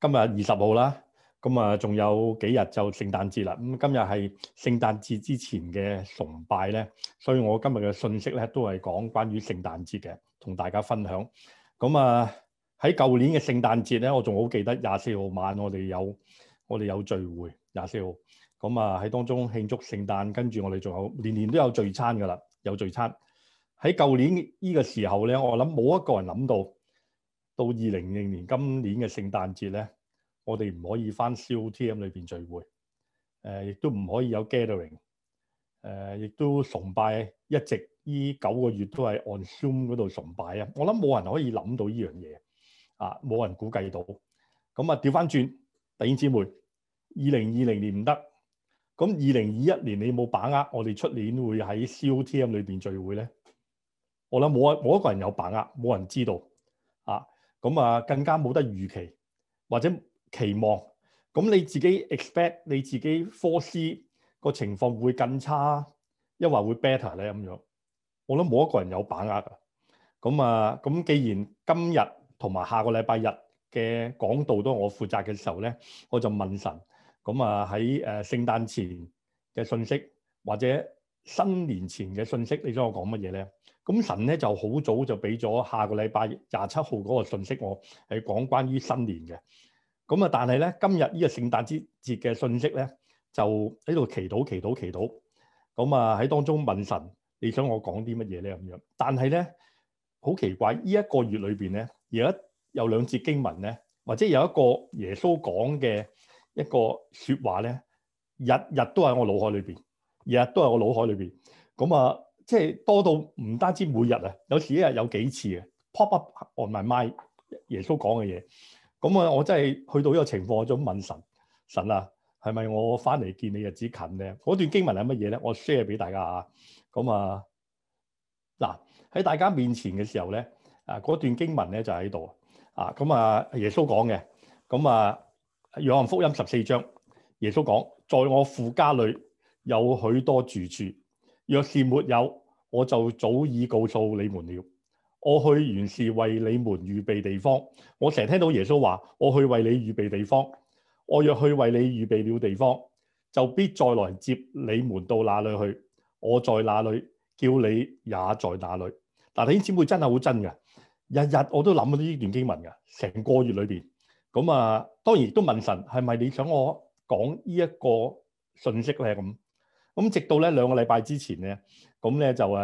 今日二十號啦，咁啊，仲有幾日就聖誕節啦。咁今日係聖誕節之前嘅崇拜咧，所以我今日嘅信息咧都係講關於聖誕節嘅，同大家分享。咁啊，喺舊年嘅聖誕節咧，我仲好記得廿四號晚我哋有我哋有聚會廿四號，咁啊喺當中慶祝聖誕，跟住我哋仲有年年都有聚餐噶啦，有聚餐。喺舊年呢個時候咧，我諗冇一個人諗到。到二零二零年今年嘅聖誕節咧，我哋唔可以翻 COTM 裏邊聚會，誒，亦都唔可以有 gathering，誒，亦都崇拜一直依九個月都係 on Zoom 嗰度崇拜啊！我諗冇人可以諗到呢樣嘢，啊，冇人估計到，咁啊，調翻轉，弟兄姊妹，二零二零年唔得，咁二零二一年你冇把握，我哋出年會喺 COTM 裏邊聚會咧？我諗冇啊，冇一個人有把握，冇人知道。咁啊，更加冇得預期或者期望。咁你自己 expect 你自己科斯個情況會更差，抑或會 better 咧咁樣。我諗冇一個人有把握㗎。咁啊，咁既然今日同埋下個禮拜日嘅講道都係我負責嘅時候咧，我就問神。咁啊喺誒聖誕前嘅信息或者。新年前嘅信息，你想我講乜嘢咧？咁神咧就好早就俾咗下個禮拜廿七號嗰個信息我，我係講關於新年嘅。咁啊，但係咧今日呢個聖誕節嘅信息咧，就喺度祈禱祈禱祈禱。咁啊喺當中問神，你想我講啲乜嘢咧？咁樣。但係咧好奇怪，呢一個月裏邊咧，而家有兩節經文咧，或者有一個耶穌講嘅一個說話咧，日日都喺我腦海裏邊。日日都係我腦海裏邊，咁啊，即係多到唔單止每日啊，有時一日有幾次啊 pop up on my mind，耶穌講嘅嘢，咁啊，我真係去到呢個情況，我就問神，神啊，係咪我翻嚟見你日子近咧？嗰段經文係乜嘢咧？我 share 俾大家啊，咁啊，嗱喺大家面前嘅時候咧，啊嗰段經文咧就喺度啊，咁啊耶穌講嘅，咁啊《約翰福音》十四章，耶穌講，在我父家裏。有許多住處，若是沒有，我就早已告訴你們了。我去原是為你們預備地方。我成日聽到耶穌話：我去為你預備地方。我若去為你預備了地方，就必再來接你們到哪裏去。我在哪裏，叫你也在哪裏。但啲姊妹真係好真嘅，日日我都諗到呢段經文嘅，成個月裏面，咁啊。當然亦都問神係咪你想我講呢一個信息咧咁。咁直到咧兩個禮拜之前咧，咁咧就誒誒、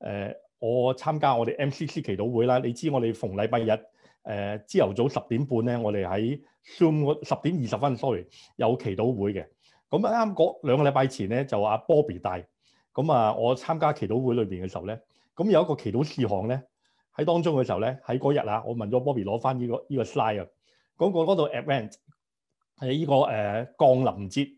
呃，我參加我哋 MCC 祈禱會啦。你知我哋逢禮拜日誒，朝、呃、頭早十點半咧，我哋喺 Zoom 十點二十分，sorry，有祈禱會嘅。咁啊啱嗰兩個禮拜前咧，就阿、啊、Bobby 帶。咁啊我參加祈禱會裏邊嘅時候咧，咁有一個祈禱事項咧喺當中嘅時候咧，喺嗰日啊，我問咗 Bobby 攞翻呢個依、這個 slide 啊，嗰、這個度 event 係呢個誒降臨節。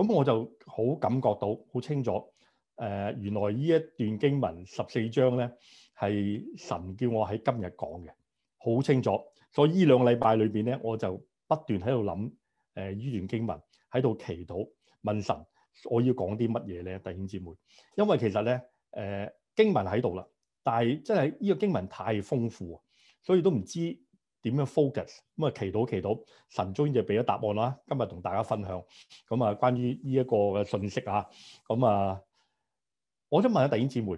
咁我就好感覺到好清楚，誒、呃、原來呢一段經文十四章咧係神叫我喺今日講嘅，好清楚。所以呢兩個禮拜裏邊咧，我就不斷喺度諗，誒呢段經文喺度祈禱問神，我要講啲乜嘢咧，弟兄姊妹。因為其實咧，誒、呃、經文喺度啦，但係真係呢個經文太豐富，所以都唔知。點樣 focus？咁啊，祈禱祈禱，神終於就俾咗答案啦！今日同大家分享咁啊，關於呢一個嘅信息啊，咁啊，我想問下弟兄姊妹，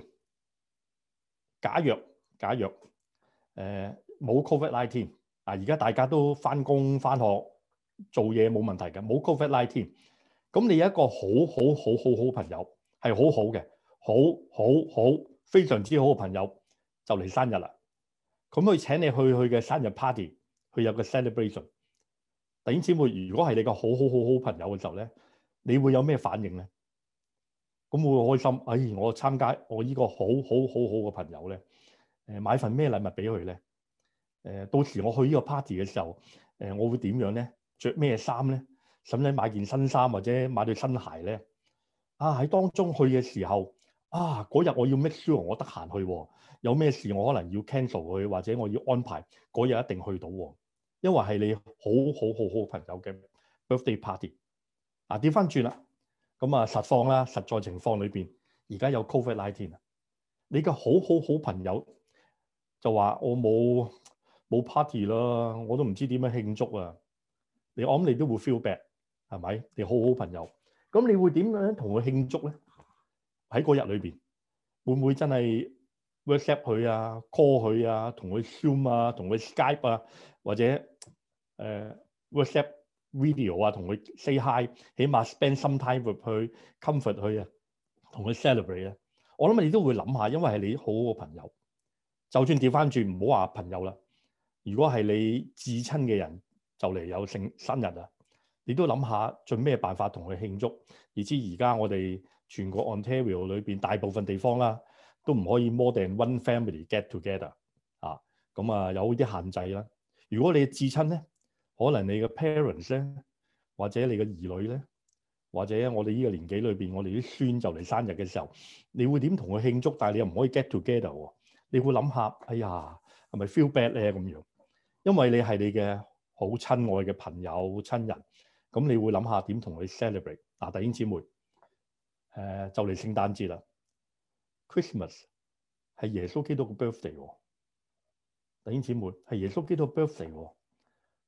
假若假若誒冇、呃、covid nineteen 啊，而家大家都翻工翻學做嘢冇問題嘅，冇 covid nineteen，咁你有一個好好好好好朋友係好好嘅，好好好非常之好嘅朋友，就嚟生日啦～咁佢請你去佢嘅生日 party，去有個 celebration。弟兄姊妹，如果係你個好好好好朋友嘅時候咧，你會有咩反應咧？咁會開心。哎，我參加我呢個好好好好嘅朋友咧，誒買份咩禮物俾佢咧？誒到時我去呢個 party 嘅時候，誒我會點樣咧？着咩衫咧？使唔使買件新衫或者買對新鞋咧？啊喺當中去嘅時候。啊！嗰日我要 make sure 我得閒去，喎，有咩事我可能要 cancel 佢，或者我要安排嗰日一定去到，喎，因為係你好好好好朋友嘅 birthday party。啊，調翻轉啦，咁啊實況啦，實在情況裏邊，而家有 covid nineteen 啊，你嘅好好好朋友就話我冇冇 party 啦，我都唔知點樣慶祝啊。你我諗你都會 feel bad，係咪？你好好朋友，咁你會點樣同佢慶祝咧？喺嗰日裏邊，會唔會真係 WhatsApp 佢啊、call 佢啊、同佢 Zoom 啊、同佢 Skype 啊，或者誒 WhatsApp video 啊，同佢 say hi，起碼 spend some time 去 comfort 佢啊，同佢 celebrate 啊。我諗你都會諗下，因為係你好好嘅朋友。就算調翻轉，唔好話朋友啦，如果係你至親嘅人就嚟有成生日啊，你都諗下盡咩辦法同佢慶祝。而知而家我哋。全國 Ontario 裏面大部分地方啦，都唔可以 more than one family get together 啊，咁啊，啊有啲限制啦。如果你嘅至親咧，可能你嘅 parents 咧，或者你嘅兒女咧，或者我哋呢個年紀裏面，我哋啲孫就嚟生日嘅時候，你會點同佢慶祝？但係你又唔可以 get together 喎，你會諗下，哎呀，係咪 feel bad 咧咁樣？因為你係你嘅好親愛嘅朋友親人，咁、嗯、你會諗下點同佢 celebrate？嗱、啊，弟兄姊妹。呃、就嚟聖誕節啦，Christmas 係耶穌基督嘅 birthday 喎、哦，弟兄姊妹係耶穌基督嘅 birthday 喎、哦。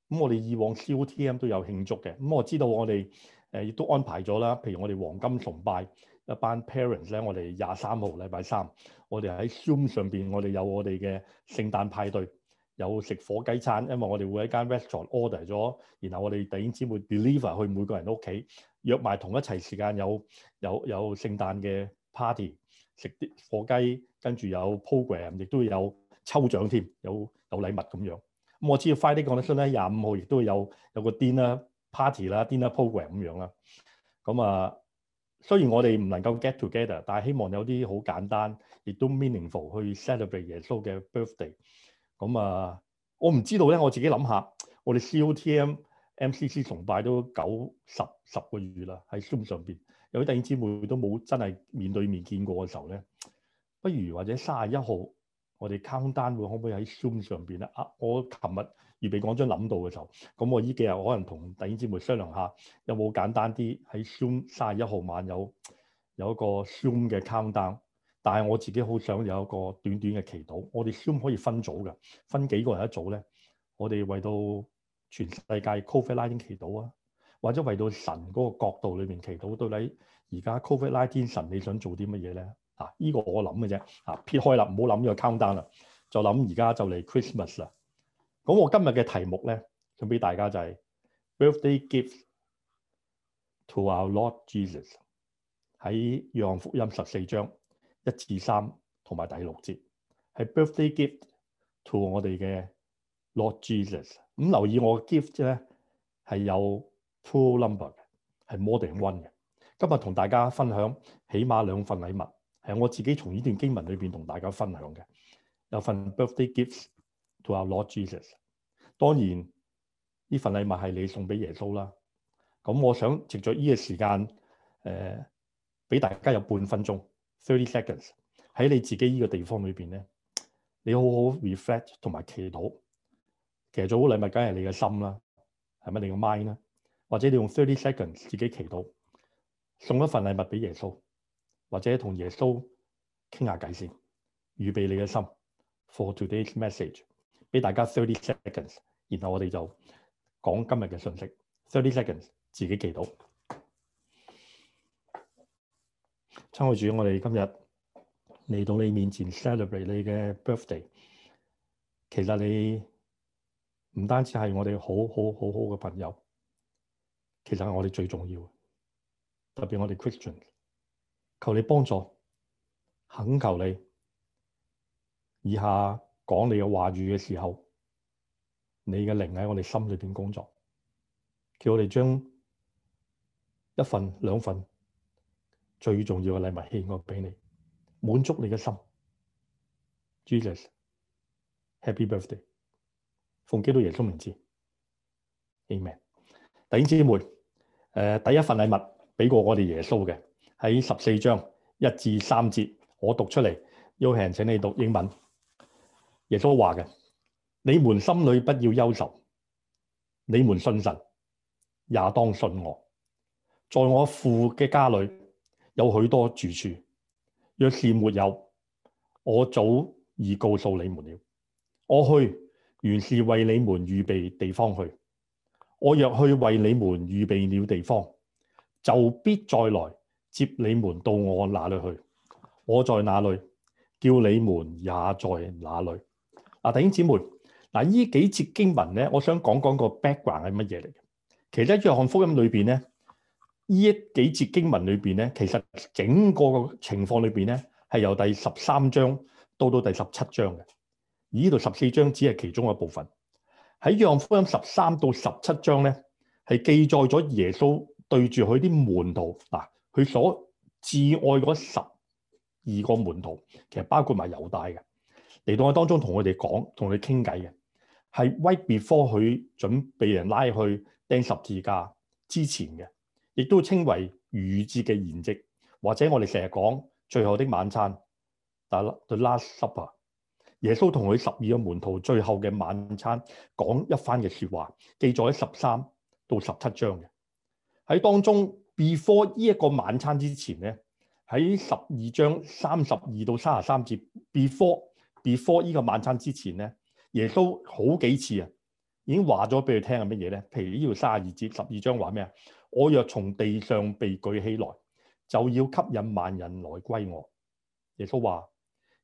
咁、嗯、我哋以往 COTM 都有慶祝嘅。咁、嗯、我知道我哋亦、呃、都安排咗啦。譬如我哋黃金崇拜一班 parents 咧，我哋廿三號禮拜三，我哋喺 Zoom 上面，我哋有我哋嘅聖誕派對，有食火雞餐，因為我哋會喺間 restaurant order 咗，然後我哋弟兄姊妹 deliver 去每個人屋企。約埋同一齊時間有有有聖誕嘅 party，食啲火雞，跟住有 program，亦都會有抽獎添，有有禮物咁樣。咁我知要快啲講得先咧，廿五號亦都會有有個 dinner party 啦，dinner program 咁樣啦。咁啊，雖然我哋唔能夠 get together，但係希望有啲好簡單，亦都 meaningful 去 celebrate 耶穌嘅 birthday。咁啊，我唔知道咧，我自己諗下，我哋 COTM。MCC 崇拜都九十十個月啦，喺 Zoom 上邊有啲弟兄姊妹都冇真係面對面見過嘅時候咧，不如或者三十一號我哋 countdown 會可唔可以喺 Zoom 上邊咧？啊，我琴日預備講張諗到嘅時候，咁我呢幾日可能同弟兄姊妹商量下，有冇簡單啲喺 Zoom 三十一號晚有有一個 Zoom 嘅 countdown，但係我自己好想有一個短短嘅祈禱，我哋 Zoom 可以分組嘅，分幾個人一組咧，我哋為到。全世界 COVID-19 祈禱啊，或者為到神嗰個角度裏面祈禱。到底而家 COVID-19 神，你想做啲乜嘢咧？啊，呢、這個我諗嘅啫。啊，撇開啦，唔好諗呢個 countdown 啦，就諗而家就嚟 Christmas 啦。咁我今日嘅題目咧，想俾大家就係、是、birthday gift to our Lord Jesus 喺《約翰福音》十四章一至三同埋第六節，係 birthday gift to 我哋嘅 Lord Jesus。咁留意我嘅 gift 咧係有 two number 嘅，係 more than one 嘅。今日同大家分享，起碼兩份禮物係我自己從呢段經文裏面同大家分享嘅。有份 birthday gifts to our Lord Jesus。當然呢份禮物係你送俾耶穌啦。咁我想藉咗呢個時間，誒、呃、俾大家有半分鐘 （thirty seconds） 喺你自己呢個地方裏面咧，你好好 reflect 同埋祈禱。其實做好禮物，梗係你嘅心啦，係咪？你嘅 mind 啦，或者你用 thirty seconds 自己祈禱送一份禮物俾耶穌，或者同耶穌傾下偈先，預備你嘅心 for today's message，俾大家 thirty seconds，然後我哋就講今日嘅信息。thirty seconds 自己祈禱，親愛主，我哋今日嚟到你面前 celebrate 你嘅 birthday，其實你，唔單止係我哋好好好，好好好好嘅朋友，其實係我哋最重要嘅。特別我哋 Christian，求你幫助，懇求你，以下講你嘅話語嘅時候，你嘅靈喺我哋心裏邊工作，叫我哋將一份、兩份最重要嘅禮物獻我俾你，滿足你嘅心。Jesus，Happy Birthday！奉基督耶穌名字，阿門。弟兄姊妹，誒，第一份禮物畀過我哋耶穌嘅，喺十四章一至三節，我讀出嚟，要型，請你讀英文。耶穌話嘅：你們心裏不要憂愁，你們信神也當信我。在我父嘅家裏有許多住處，若是沒有，我早已告訴你們了。我去。原是為你們預備地方去，我若去為你們預備了地方，就必再來接你們到我那裏去。我在那裏，叫你們也在那裏。嗱，弟兄姊妹，嗱，呢幾節經文咧，我想講講個 background 係乜嘢嚟嘅？其實喺約翰福音裏邊咧，呢一幾節經文裏邊咧，其實整個情況裏邊咧，係由第十三章到到第十七章嘅。而呢度十四章只係其中一部分，喺《約翰福音》十三到十七章咧，係記載咗耶穌對住佢啲門徒嗱，佢所至愛嗰十二個門徒，其實包括埋猶大嘅嚟到我當中同我哋講，同佢哋傾偈嘅，係威別科許準備人拉去釘十字架之前嘅，亦都稱為逾越節嘅筵席，或者我哋成日講最後的晚餐，但係啦，對 Last Supper 耶穌同佢十二個門徒最後嘅晚餐講一番嘅說話，記載喺十三到十七章嘅。喺當中，before 呢一個晚餐之前咧，喺十二章三十二到三十三節，before before 呢個晚餐之前咧，耶穌好幾次啊，已經話咗俾佢聽係乜嘢咧？譬如呢度卅二節十二章話咩啊？我若從地上被舉起來，就要吸引萬人來歸我。耶穌話。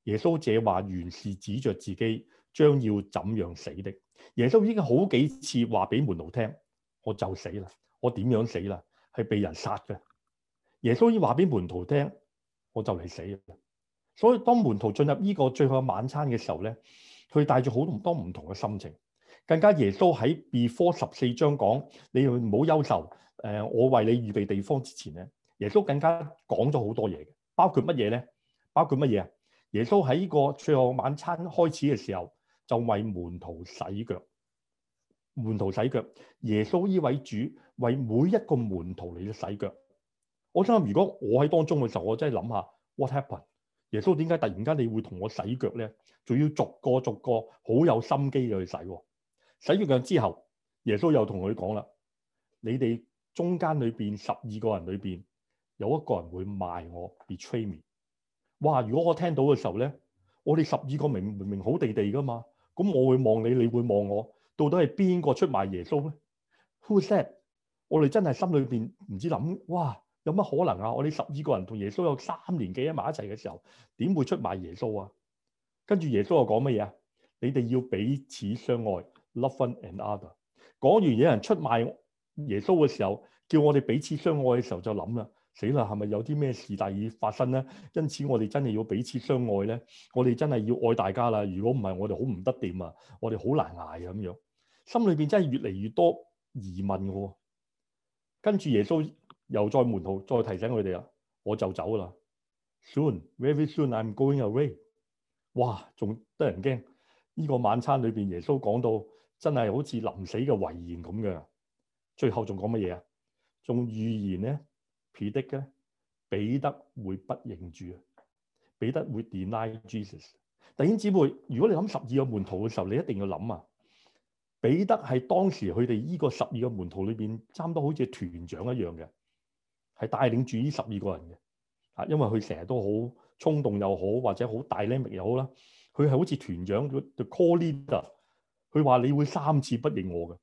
耶穌這話原是指着自己將要怎樣死的。耶穌已經好幾次話俾門徒聽，我就死啦，我點樣死啦，係被人殺嘅。耶穌已經話俾門徒聽，我就嚟死啦。所以當門徒進入呢個最後晚餐嘅時候咧，佢帶住好多唔同嘅心情。更加耶穌喺 before 十四章講，你要唔好憂愁，誒，我為你預備地方之前咧，耶穌更加講咗好多嘢嘅，包括乜嘢咧？包括乜嘢啊？耶穌喺呢個最後晚餐開始嘅時候，就為門徒洗腳。門徒洗腳，耶穌依位主為每一個門徒嚟洗腳。我想諗，如果我喺當中嘅時候，我真係諗下 what happened？耶穌點解突然間你會同我洗腳咧？仲要逐個逐個好有心機嘅去洗。洗完腳之後，耶穌又同佢講啦：你哋中間裏邊十二個人裏邊，有一個人會賣我，betray。哇！如果我聽到嘅時候咧，我哋十二個明明明，明好地地㗎嘛，咁我會望你，你會望我，到底係邊個出賣耶穌咧？Who said？我哋真係心裏面唔知諗，哇！有乜可能啊？我哋十二個人同耶穌有三年幾喺埋一齊嘅時候，點會出賣耶穌啊？跟住耶穌又講乜嘢啊？你哋要彼此相愛，love one another。講完有人出賣耶穌嘅時候，叫我哋彼此相愛嘅時候就諗啦。死啦！係咪有啲咩事大已發生咧？因此我哋真係要彼此相愛咧。我哋真係要愛大家啦。如果唔係，我哋好唔得掂啊！我哋好難挨啊，咁樣，心裏邊真係越嚟越多疑問嘅。跟住耶穌又再門徒再提醒佢哋啦。我就走啦，soon very soon I'm going away。哇，仲得人驚呢、呢個晚餐裏邊，耶穌講到真係好似臨死嘅遺言咁嘅。最後仲講乜嘢啊？仲預言咧。彼得嘅咧，彼得會不認主，啊，彼得會 deny Jesus。弟兄姊妹，如果你諗十二個門徒嘅時候，你一定要諗啊，彼得係當時佢哋呢個十二個門徒裏邊差唔多好似團長一樣嘅，係帶領住呢十二個人嘅。啊，因為佢成日都好衝動又好，或者好大力又好啦，佢係好似團長 call leader 啊。佢話你會三次不認我嘅，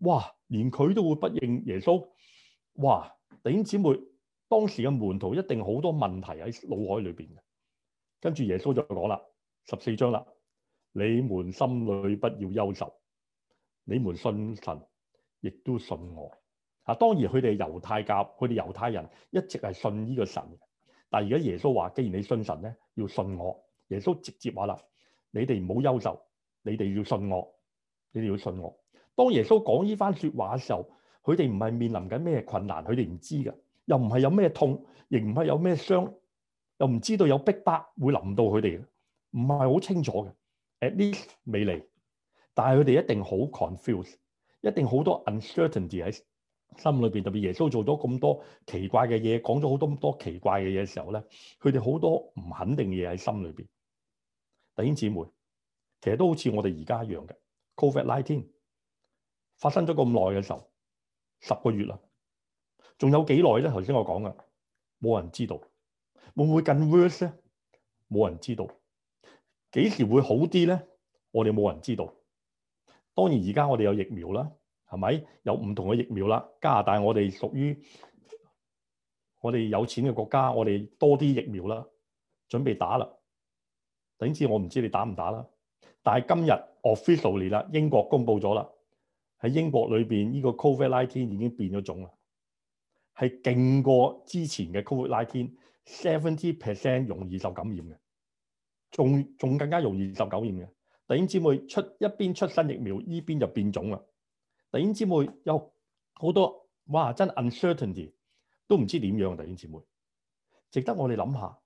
哇！連佢都會不認耶穌，哇！弟兄姊妹，當時嘅門徒一定好多問題喺腦海裏邊嘅，跟住耶穌就講啦，十四章啦，你們心裏不要憂愁，你們信神，亦都信我。啊，當然佢哋猶太教，佢哋猶太人一直係信呢個神，但係而家耶穌話，既然你信神咧，要信我。耶穌直接話啦，你哋唔好憂愁，你哋要信我，你哋要信我。當耶穌講呢番説話嘅時候。佢哋唔係面臨緊咩困難，佢哋唔知噶，又唔係有咩痛，亦唔係有咩傷，又唔知道有逼迫會臨到佢哋，唔係好清楚嘅。At least 未嚟，但係佢哋一定好 confused，一定好多 uncertainty 喺心裏邊。特別耶穌做咗咁多奇怪嘅嘢，講咗好多咁多奇怪嘅嘢嘅時候咧，佢哋好多唔肯定嘢喺心裏邊。弟兄姊妹，其實都好似我哋而家一樣嘅，COVID-19 發生咗咁耐嘅時候。十個月啦，仲有幾耐咧？頭先我講嘅，冇人知道會唔會更 worse 咧？冇人知道幾時會好啲咧？我哋冇人知道。當然而家我哋有疫苗啦，係咪有唔同嘅疫苗啦？加拿大我哋屬於我哋有錢嘅國家，我哋多啲疫苗啦，準備打啦。等於我唔知你打唔打啦。但係今日 officially 啦，英國公布咗啦。喺英國裏面，呢個 covid nineteen 已經變咗種啦，係勁過之前嘅 covid nineteen，seventy percent 容易受感染嘅，仲仲更加容易受感染嘅。弟兄姊妹出一邊出新疫苗，一邊就變種啦。弟兄姊妹有好多哇，真 uncertainty 都唔知點樣。弟兄姊妹值得我哋諗下。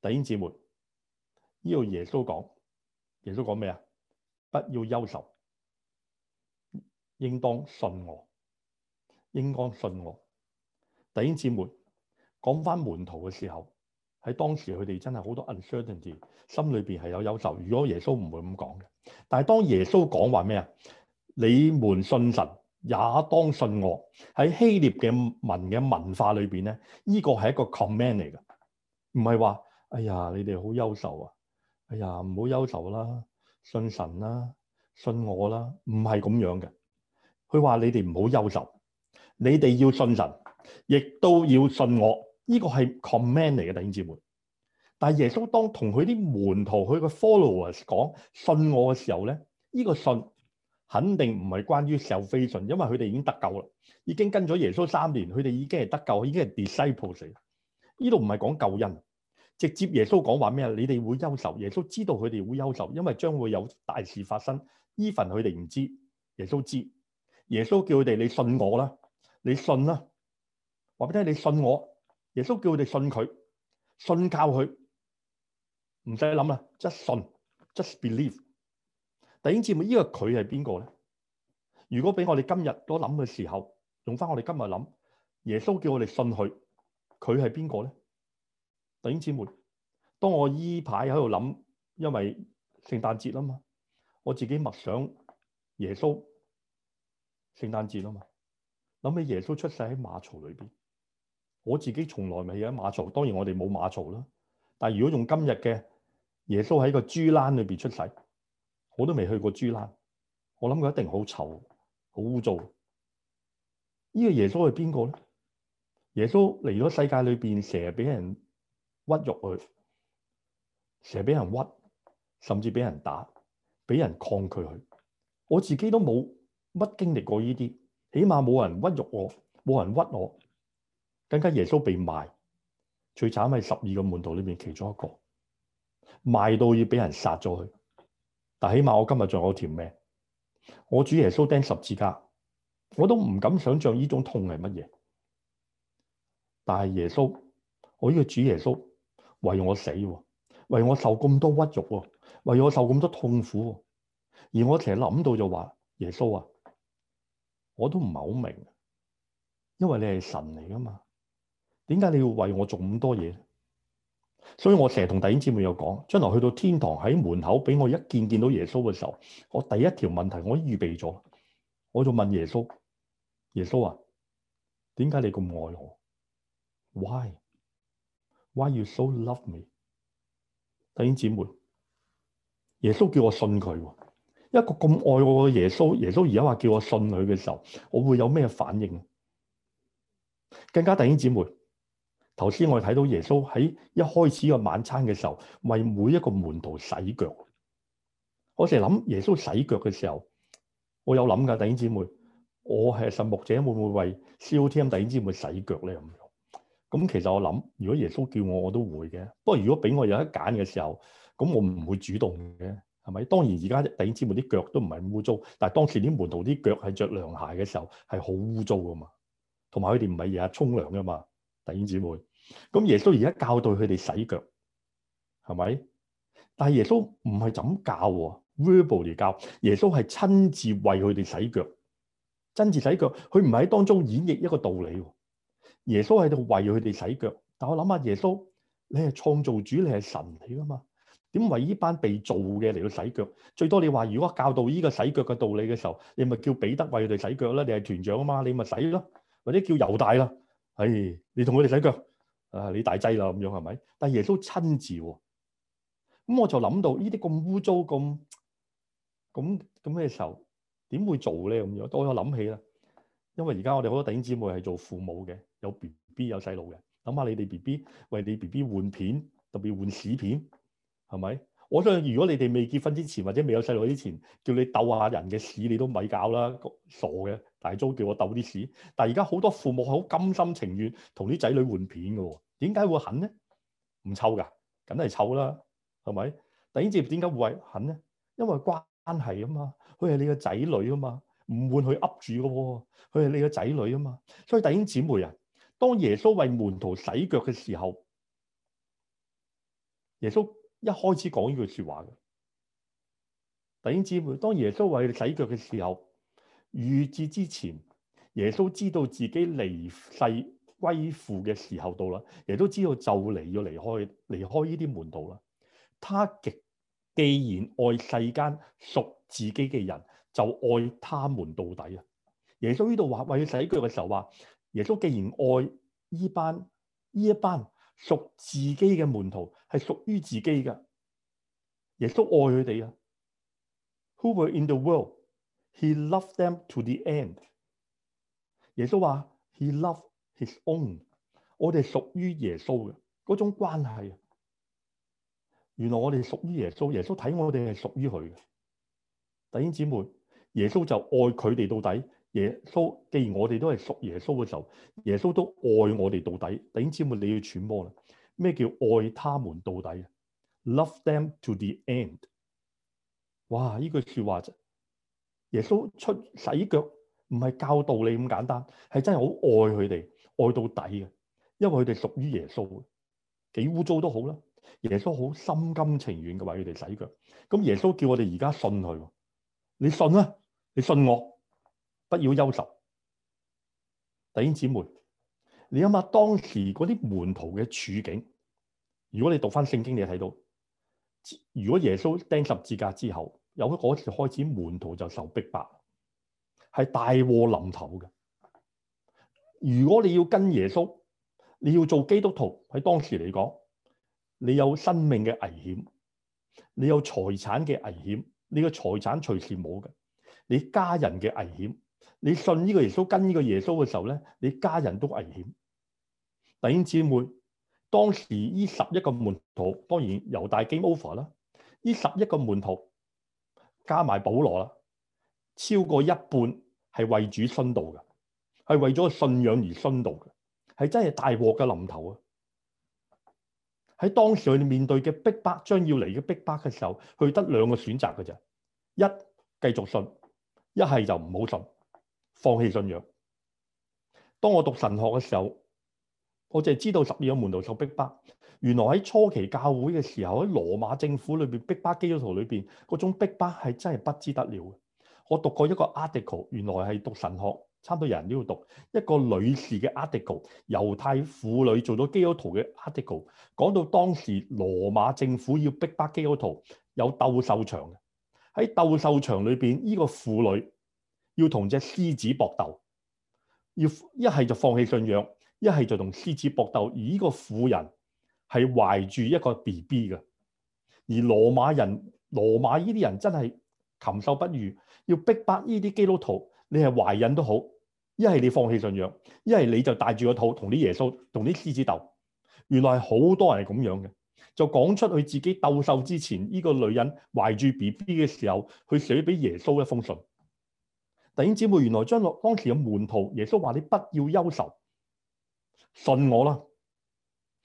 弟兄姊妹，呢度耶穌講，耶穌講咩啊？不要憂愁。應當信我，應當信我。弟兄姊妹講翻門徒嘅時候，喺當時佢哋真係好多 uncertainty，心裏邊係有憂愁。如果耶穌唔會咁講嘅。但係當耶穌講話咩啊？你們信神也當信我。喺希臘嘅文嘅文化裏邊咧，呢個係一個 command 嚟嘅，唔係話哎呀你哋好憂愁啊，哎呀唔好憂愁啦，哎，信神啦，信我啦，唔係咁樣嘅。佢話你哋唔好憂愁，你哋要，要信神，亦都要信我。呢個係 command 嚟嘅，弟兄姊妹。但係耶穌當同佢啲門徒，佢個 followers 講信我嘅時候咧，呢個信肯定唔係關於 salvation，因為佢哋已經得救啦，已經跟咗耶穌三年，佢哋已經係得救，已經係 disciples 嚟。呢度唔係講救恩，直接耶穌講話咩啊？你哋會憂愁。耶穌知道佢哋會憂愁，因為將會有大事發生。Even 佢哋唔知，耶穌知。耶穌叫佢哋，你信我啦，你信啦，話俾你聽，你信我。耶穌叫佢哋信佢，信教佢，唔使諗啦，just 信，just believe。弟兄姊妹，這個、是呢個佢係邊個咧？如果俾我哋今日都諗嘅時候，用翻我哋今日諗，耶穌叫我哋信佢，佢係邊個咧？弟兄姊妹，當我呢排喺度諗，因為聖誕節啦嘛，我自己默想耶穌。聖誕節啊嘛，諗起耶穌出世喺馬槽裏邊，我自己從來未有喺馬槽。當然我哋冇馬槽啦。但係如果用今日嘅耶穌喺個豬欄裏邊出世，我都未去過豬欄。我諗佢一定好臭，好污糟。呢個耶穌係邊個咧？耶穌嚟咗世界裏邊，成日俾人屈辱佢，成日俾人屈，甚至俾人打，俾人抗拒佢。我自己都冇。乜經歷過呢啲，起碼冇人屈辱我，冇人屈我，更加耶穌被賣，最慘係十二個門徒裏面其中一個賣到要俾人殺咗佢。但起碼我今日仲有條命，我主耶穌釘十字架，我都唔敢想象呢種痛係乜嘢。但係耶穌，我呢個主耶穌為我死，為我受咁多屈辱，為我受咁多痛苦，而我成日諗到就話耶穌啊！我都唔係好明，因為你係神嚟㗎嘛？點解你要為我做咁多嘢咧？所以我成日同弟兄姊妹又講，將來去到天堂喺門口俾我一見見到耶穌嘅時候，我第一條問題我預備咗，我就問耶穌：耶穌啊，點解你咁愛我？Why? Why you so love me？弟兄姊妹，耶穌叫我信佢喎。一個咁愛我嘅耶穌，耶穌而家話叫我信佢嘅時候，我會有咩反應？更加弟兄姊妹，頭先我睇到耶穌喺一開始嘅晚餐嘅時候，為每一個門徒洗腳。我成日諗耶穌洗腳嘅時候，我有諗㗎，弟兄姊妹，我係神牧者會唔會為 COTM 弟兄姊妹洗腳咧咁樣？咁其實我諗，如果耶穌叫我，我都會嘅。不過如果俾我有得揀嘅時候，咁我唔會主動嘅。咪當然而家弟兄姊妹啲腳都唔係污糟，但係當時啲門徒啲腳係着涼鞋嘅時候係好污糟噶嘛，同埋佢哋唔係日日沖涼噶嘛，弟兄姊妹。咁耶穌而家教導佢哋洗腳，係咪？但係耶穌唔係咁教喎，verbal 嚟教。耶穌係親自為佢哋洗腳，親自洗腳。佢唔係喺當中演繹一個道理。耶穌喺度為佢哋洗腳。但我諗下，耶穌，你係創造主，你係神嚟噶嘛？點為依班被造嘅嚟到洗腳？最多你話，如果教導依個洗腳嘅道理嘅時候，你咪叫彼得為佢哋洗腳啦？你係團長啊嘛，你咪洗咯，或者叫猶大啦。唉、哎，你同佢哋洗腳啊，你大劑啦咁樣，係咪？但係耶穌親自喎、哦，咁我就諗到呢啲咁污糟咁咁咁咩時候點會做咧？咁樣我又諗起啦，因為而家我哋好多弟兄姊妹係做父母嘅，有 B B 有細路嘅，諗下你哋 B B 為你 B B 換片特別換屎片。係咪？我相信如果你哋未結婚之前或者未有細路之前，叫你斗下人嘅屎，你都咪搞啦，傻嘅！大租叫我斗啲屎，但係而家好多父母係好甘心情願同啲仔女換片噶，點解會肯呢？唔臭噶，梗係臭啦，係咪？弟兄姊妹，點解會肯呢？因為關係啊嘛，佢係你個仔女啊嘛，唔換佢噏住噶，佢係你個仔女啊嘛，所以弟兄姊妹啊，當耶穌為門徒洗腳嘅時候，耶穌。一開始講呢句說話嘅弟兄姊妹，當耶穌為佢洗腳嘅時候，預知之前，耶穌知道自己離世歸父嘅時候到啦，耶穌知道就嚟要離開離開呢啲門道啦。他極既然愛世間屬自己嘅人，就愛他們到底啊！耶穌呢度話為佢洗腳嘅時候話，耶穌既然愛呢班呢一班。屬自己嘅門徒係屬於自己噶，耶穌愛佢哋啊。Who were in the world, he loved them to the end。耶穌話：He loved his own。我哋屬於耶穌嘅嗰種關係啊，原來我哋屬於耶穌，耶穌睇我哋係屬於佢嘅。弟兄姊妹，耶穌就愛佢哋到底。耶穌，既然我哋都係屬耶穌嘅時候，耶穌都愛我哋到底。弟兄姊妹，你要揣摩啦，咩叫愛他們到底啊？Love them to the end。哇！呢句說話啫，耶穌出洗腳唔係教道理咁簡單，係真係好愛佢哋，愛到底嘅，因為佢哋屬於耶穌。幾污糟都好啦，耶穌好心甘情願嘅為佢哋洗腳。咁耶穌叫我哋而家信佢，你信啦，啊，你信我。不要憂愁，弟兄姊妹，你諗下當時嗰啲門徒嘅處境。如果你讀翻聖經，你睇到，如果耶穌釘十字架之後，有嗰時開始門徒就受逼迫，係大禍臨頭嘅。如果你要跟耶穌，你要做基督徒喺當時嚟講，你有生命嘅危險，你有財產嘅危險，你個財產隨時冇嘅，你家人嘅危險。你信呢個耶穌跟呢個耶穌嘅時候咧，你家人都危險。弟兄姊妹，當時呢十一個門徒，當然猶大經 over 啦。呢十一個門徒加埋保羅啦，超過一半係為主殉道嘅，係為咗信仰而殉道嘅，係真係大禍嘅臨頭啊！喺當時佢哋面對嘅逼迫將要嚟嘅逼迫嘅時候，佢得兩個選擇嘅啫，一繼續信，一係就唔好信。放棄信仰。當我讀神學嘅時候，我淨係知道十二個門徒受逼迫。原來喺初期教會嘅時候，喺羅馬政府裏面逼迫基督徒裏面，嗰種逼迫係真係不知得了嘅。我讀過一個 article，原來係讀神學，差唔多人呢度讀一個女士嘅 article，猶太婦女做咗基督徒嘅 article，講到當時羅馬政府要逼迫基督徒，有鬥獸場嘅。喺鬥獸場裏邊，呢個婦女。要同隻獅子搏鬥，要一係就放棄信仰，一係就同獅子搏鬥。而呢個婦人係懷住一個 B B 嘅，而羅馬人、羅馬呢啲人真係禽獸不如，要逼迫呢啲基督徒。你係懷孕都好，一係你放棄信仰，一係你就帶住個肚同啲耶穌同啲獅子鬥。原來好多人係咁樣嘅，就講出佢自己鬥獸之前，呢個女人懷住 B B 嘅時候，佢寫俾耶穌一封信。弟兄姊妹，原來將落當時嘅門徒，耶穌話：你不要憂愁，信我啦。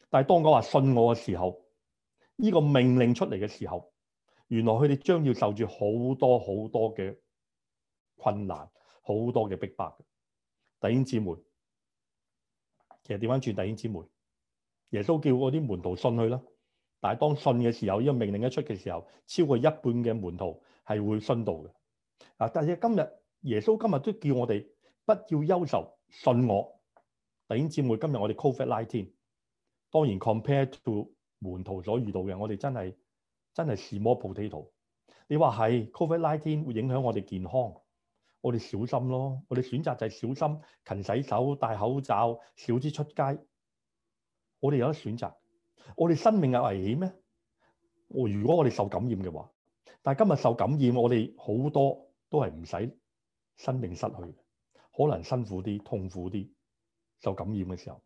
但係當佢話信我嘅時候，呢個命令出嚟嘅時候，原來佢哋將要受住好多好多嘅困難，好多嘅逼迫。弟兄姊妹，其實點樣轉？弟兄姊妹，耶穌叫嗰啲門徒信佢啦，但係當信嘅時候，呢個命令一出嘅時候，超過一半嘅門徒係會信到嘅。啊，但係今日。耶穌今日都叫我哋不要憂愁，信我。頂占會今日我哋 Covid nineteen 當然 compare to 門徒所遇到嘅，我哋真係真係 small potato 你話係 Covid nineteen 會影響我哋健康，我哋小心咯。我哋選擇就係小心，勤洗手、戴口罩、少啲出街。我哋有得選擇，我哋生命有危險咩？我如果我哋受感染嘅話，但係今日受感染，我哋好多都係唔使。生命失去嘅，可能辛苦啲、痛苦啲。受感染嘅時候，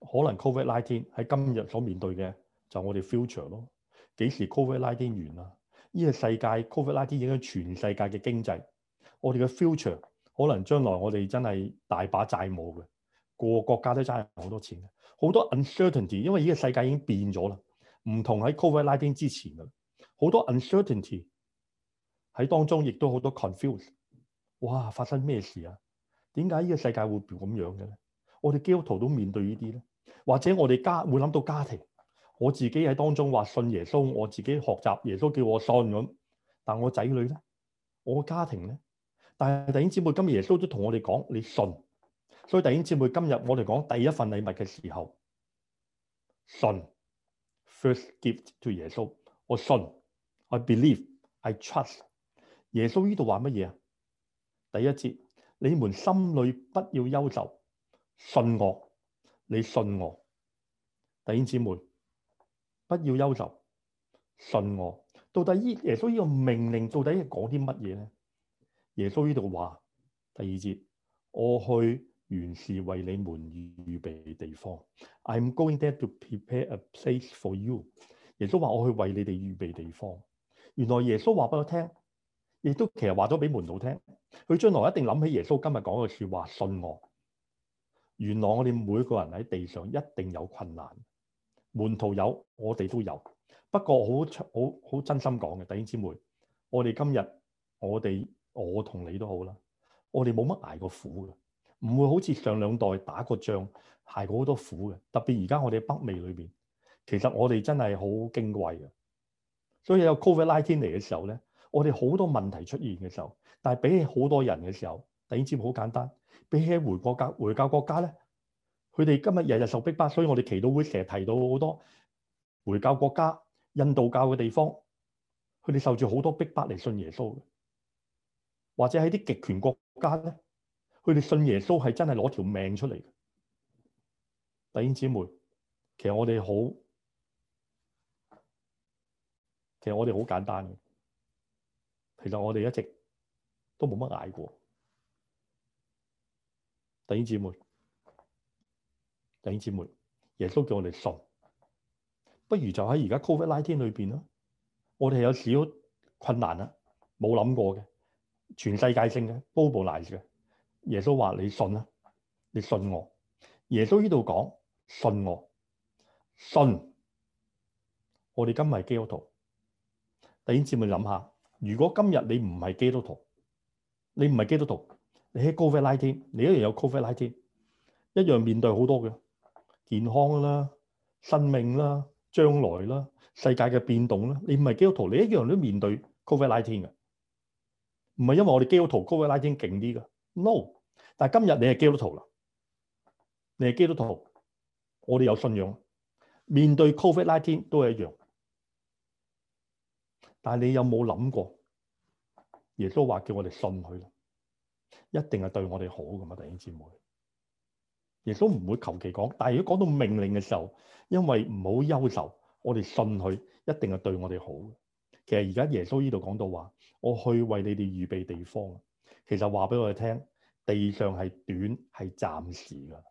可能 Covid 19喺今日所面對嘅就我哋 future 咯。幾時 Covid 19完啊？呢個世界 Covid 19影響全世界嘅經濟。我哋嘅 future 可能將來我哋真係大把債務嘅，個個國家都爭好多錢，好多 uncertainty。因為呢個世界已經變咗啦，唔同喺 Covid 19之前噶，好多 uncertainty。喺當中亦都好多 confuse，哇！發生咩事啊？點解呢個世界會咁樣嘅咧？我哋基督徒都面對呢啲咧，或者我哋家會諗到家庭。我自己喺當中話信耶穌，我自己學習耶穌叫我信咁，但我仔女咧，我家庭咧，但係弟兄姊妹今日耶穌都同我哋講你信，所以弟兄姊妹今日我哋講第一份禮物嘅時候，信 First gift to 耶穌：「我信，I believe，I trust。耶穌呢度話乜嘢啊？第一節，你們心裏不要憂愁，信我，你信我，弟兄姊妹不要憂愁，信我。到底耶穌呢個命令到底講啲乜嘢咧？耶穌呢度話第二節，我去原是為你們預備的地方。I'm going there to prepare a place for you。耶穌話我去為你哋預備地方。原來耶穌話俾我聽。亦都其實話咗俾門徒聽，佢將來一定諗起耶穌今日講嘅說話：信我，原來我哋每個人喺地上一定有困難。門徒有，我哋都有。不過好好好真心講嘅弟兄姊妹，我哋今日我哋我同你都好啦。我哋冇乜挨過苦嘅，唔會好似上兩代打過仗、挨過好多苦嘅。特別而家我哋喺北美裏面，其實我哋真係好矜貴嘅。所以有 Covid nineteen 嚟嘅時候咧。我哋好多問題出現嘅時候，但係比起好多人嘅時候，弟兄姊妹好簡單。比起回國家，回教國家咧，佢哋今日日日受逼迫，所以我哋祈禱會成日提到好多回教國家、印度教嘅地方，佢哋受住好多逼迫嚟信耶穌嘅，或者喺啲極權國家咧，佢哋信耶穌係真係攞條命出嚟嘅。弟兄姊妹，其實我哋好，其實我哋好簡單嘅。其實我哋一直都冇乜捱過，弟兄姊妹，弟兄姊妹，耶穌叫我哋信，不如就喺而家 COVID nineteen 裏邊啦。我哋有少少困難啦，冇諗過嘅，全世界性嘅，globalize 嘅。耶穌話：你信啦，啊，你信我。耶穌呢度講信我，信。我哋今日基督徒，弟兄姊妹諗下。想如果今日你唔係基督徒，你唔係基督徒，你喺 Covid nineteen，你一樣有 Covid nineteen，一樣面對好多嘅健康啦、生命啦、將來啦、世界嘅變動啦。你唔係基督徒，你一樣都面對 Covid nineteen 嘅。唔係因為我哋基督徒 Covid nineteen 勁啲㗎，no。但係今日你係基督徒啦，你係基督徒，我哋有信仰，面對 Covid nineteen 都係一樣。但係你有冇諗過？耶穌話叫我哋信佢，一定係對我哋好咁嘛！弟兄姊妹，耶穌唔會求其講。但係如果講到命令嘅時候，因為唔好憂愁，我哋信佢一定係對我哋好咁嘛，弟兄姊妹，耶穌唔會求其講，但係如果講到命令嘅時候，因為唔好憂愁，我哋信佢一定係對我哋好。其實而家耶穌呢度講到話，我去為你哋預備地方。其實話俾我哋聽，地上係短係暫時噶。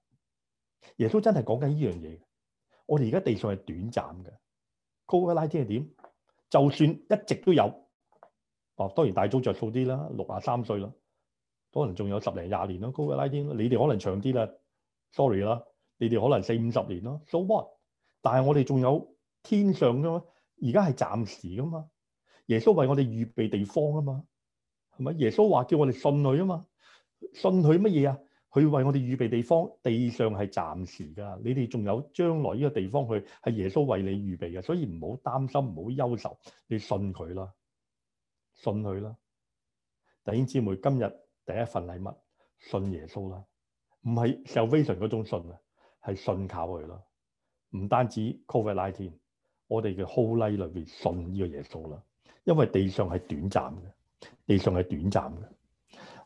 耶穌真係講緊呢樣嘢。我哋而家地上係短暫嘅。Covid nineteen 係點？就算一直都有，哦、啊，當然大早着數啲啦，六十三歲啦，可能仲有十零廿年啦。高過拉丁，你哋可能長啲啦，sorry 啦，你哋可能四五十年咯，so what？但係我哋仲有天上噶嘛，而家係暫時噶嘛，耶穌為我哋預備地方啊嘛，係咪？耶穌話叫我哋信佢啊嘛，信佢乜嘢啊？佢為我哋預備地方，地上係暫時㗎，你哋仲有將來呢個地方去，係耶穌為你預備嘅，所以唔好擔心，唔好憂愁，你信佢啦，信佢啦。弟兄姊妹，今日第一份禮物，信耶穌啦，唔係 Salvation 嗰種信啊，係信靠佢啦。唔單止 COVID-19，我哋嘅 Holy Life 裏邊信呢個耶穌啦，因為地上係短暫嘅，地上係短暫嘅。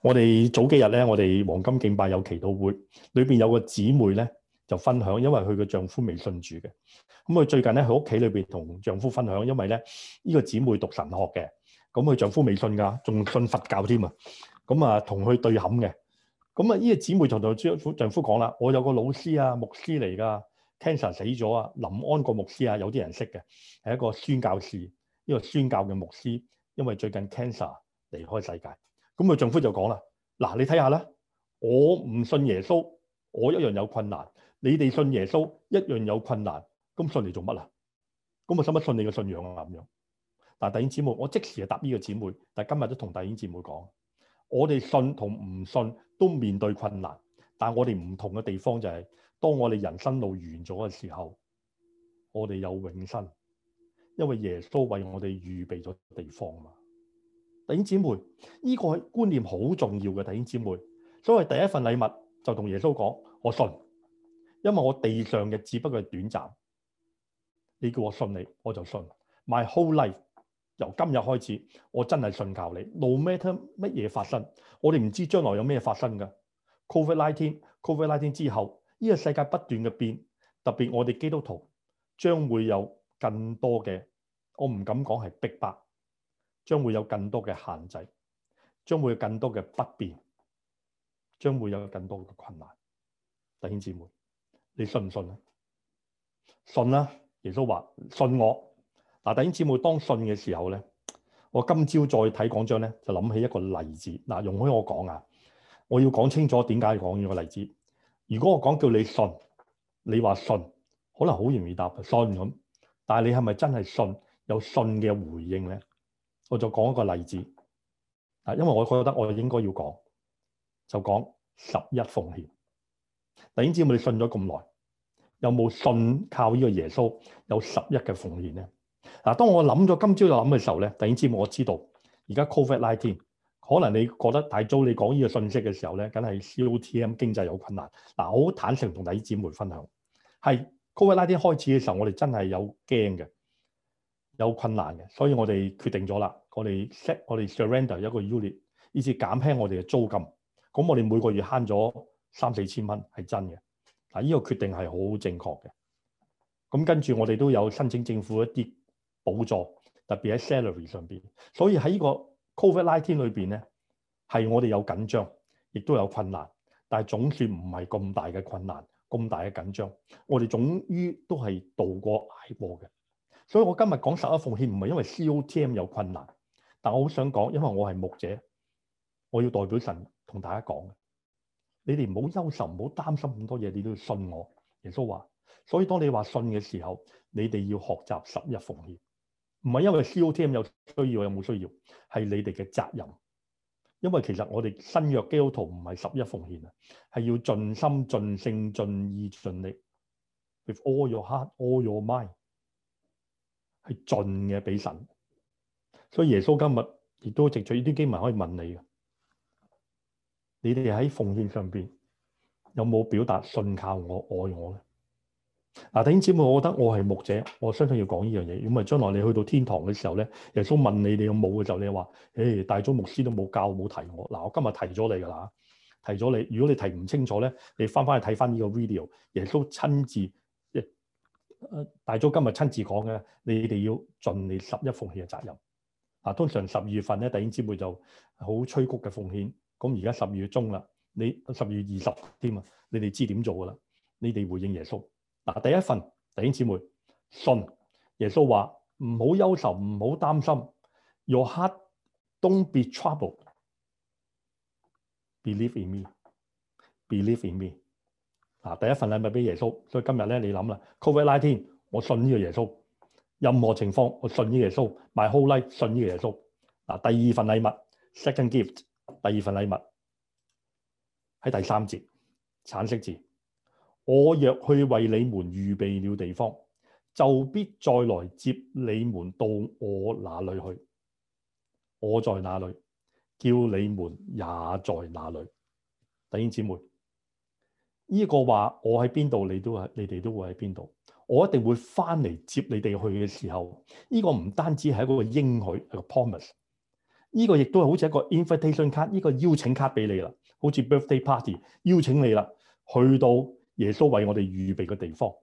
我哋早幾日咧，我哋黃金敬拜有祈禱會，裏邊有個姊妹咧就分享，因為佢嘅丈夫未信主嘅，咁、嗯、佢最近咧喺屋企裏邊同丈夫分享，因為咧呢、這個姊妹讀神學嘅，咁佢丈夫未信噶，仲信佛教添啊，咁啊同佢對冚嘅，咁啊呢個姊妹就同丈夫講啦，我有個老師啊，牧師嚟㗎，Cancer 死咗啊，林安國牧師啊，有啲人識嘅，係一個宣教士，呢個宣教嘅牧師，因為最近 Cancer 離開世界。咁佢丈夫就講啦，嗱你睇下啦，我唔信耶穌，我一樣有困難，你哋信耶穌一樣有困難，咁信你做乜啦？咁我使乜信你嘅信仰啊咁樣？但弟兄姊妹，我即時係答呢個姊妹，但今日都同弟兄姊妹講，我哋信同唔信都面對困難，但我哋唔同嘅地方就係，當我哋人生路完咗嘅時候，我哋有永生，因為耶穌為我哋預備咗地方啊嘛。弟兄姊妹，呢、這個觀念好重要嘅。弟兄姊妹，所謂第一份禮物就同耶穌講：我信，因為我地上嘅只不過係短暫。你叫我信你，我就信。My whole life 由今日開始，我真係信靠你。No matter 乜嘢發生，我哋唔知將來有咩發生嘅。Covid 19，Covid 19之後，呢、這個世界不斷嘅變，特別我哋基督徒將會有更多嘅。我唔敢講係逼迫。將會有更多嘅限制，將會有更多嘅不便，將會有更多嘅困難。弟兄姊妹，你信唔信，信啊？信啦！耶穌話：信我。嗱，弟兄姊妹，當信嘅時候咧，我今朝再睇講章咧，就諗起一個例子嗱，容許我講啊。我要講清楚點解講呢個例子。如果我講叫你信，你話信，可能好容易答信咁，但係你係咪真係信？有信嘅回應咧？我就講一個例子，啊，因為我覺得我應該要講，就講十一奉獻。突然之，我哋信咗咁耐，有冇信靠呢個耶穌有十一嘅奉獻咧？嗱，當我諗咗今朝就諗嘅時候咧，突然之，我知道而家 COVID nineteen，可能你覺得大租你講呢個信息嘅時候咧，梗係 c t m 經濟有困難。嗱，好坦誠同弟兄姊妹分享，係 COVID nineteen 開始嘅時候，我哋真係有驚嘅，有困難嘅，所以我哋決定咗啦。我哋 set 我哋 surrender 一個 unit，以致減輕我哋嘅租金。咁我哋每個月慳咗三四千蚊，係真嘅。嗱，呢個決定係好正確嘅。咁跟住我哋都有申請政府一啲補助，特別喺 salary 上面。所以喺呢個 covid nineteen 裏邊咧，係我哋有緊張，亦都有困難，但係總算唔係咁大嘅困難，咁大嘅緊張。我哋總於都係渡過捱過嘅。所以我今日講十一奉獻，唔係因為 COTM 有困難。但我好想講，因為我係牧者，我要代表神同大家講嘅，你哋唔好憂愁，唔好擔心咁多嘢，你都要信我。耶穌話，所以當你話信嘅時候，你哋要學習十一奉獻，唔係因為 COTM 有需要有冇需要，係你哋嘅責任。因為其實我哋新約基督徒唔係十一奉獻啊，係要盡心盡性盡意盡力，with all your heart, all your mind，係盡嘅俾神。所以耶穌今日亦都藉著呢啲經文可以問你嘅，你哋喺奉獻上邊有冇表達信靠我、愛我咧？嗱，弟兄姊妹，我覺得我係牧者，我相信要講呢樣嘢，因為將來你去到天堂嘅時候咧，耶穌問你哋有冇嘅時候，你話，誒，大祖牧師都冇教冇提我。嗱，我今日提咗你噶啦，提咗你，如果你提唔清楚咧，你翻翻去睇翻呢個 video，耶穌親自，誒大祖今日親自講嘅，你哋要盡你十一奉獻嘅責任。啊，通常十二月份咧，弟兄姊妹就好催谷嘅奉獻。咁而家十二月中啦，你十二月二十添啊，你哋知點做噶啦。你哋回應耶穌。嗱，第一份，弟兄姊妹信耶穌話唔好憂愁，唔好擔心。Your heart don't be troubled，Believe in me，believe in me。啊，第一份禮物俾耶穌。所以今日咧，你諗啦 Covid nineteen，我信呢個耶穌。任何情況，我信呢個耶穌，my whole life 信呢個耶穌。嗱，第二份禮物，second gift，第二份禮物喺第三節，橙色字。我若去為你們預備了地方，就必再來接你們到我那裡去。我在哪裏，叫你們也在哪裏。弟兄姊妹，呢個話，我喺邊度，你都喺，你哋都會喺邊度。我一定會翻嚟接你哋去嘅時候，呢個唔單止係一個應許，係個 promise。呢個亦都係好似一個 invitation card，呢個邀請卡俾你啦，好似 birthday party 邀請你啦，去到耶穌為我哋預備嘅地方。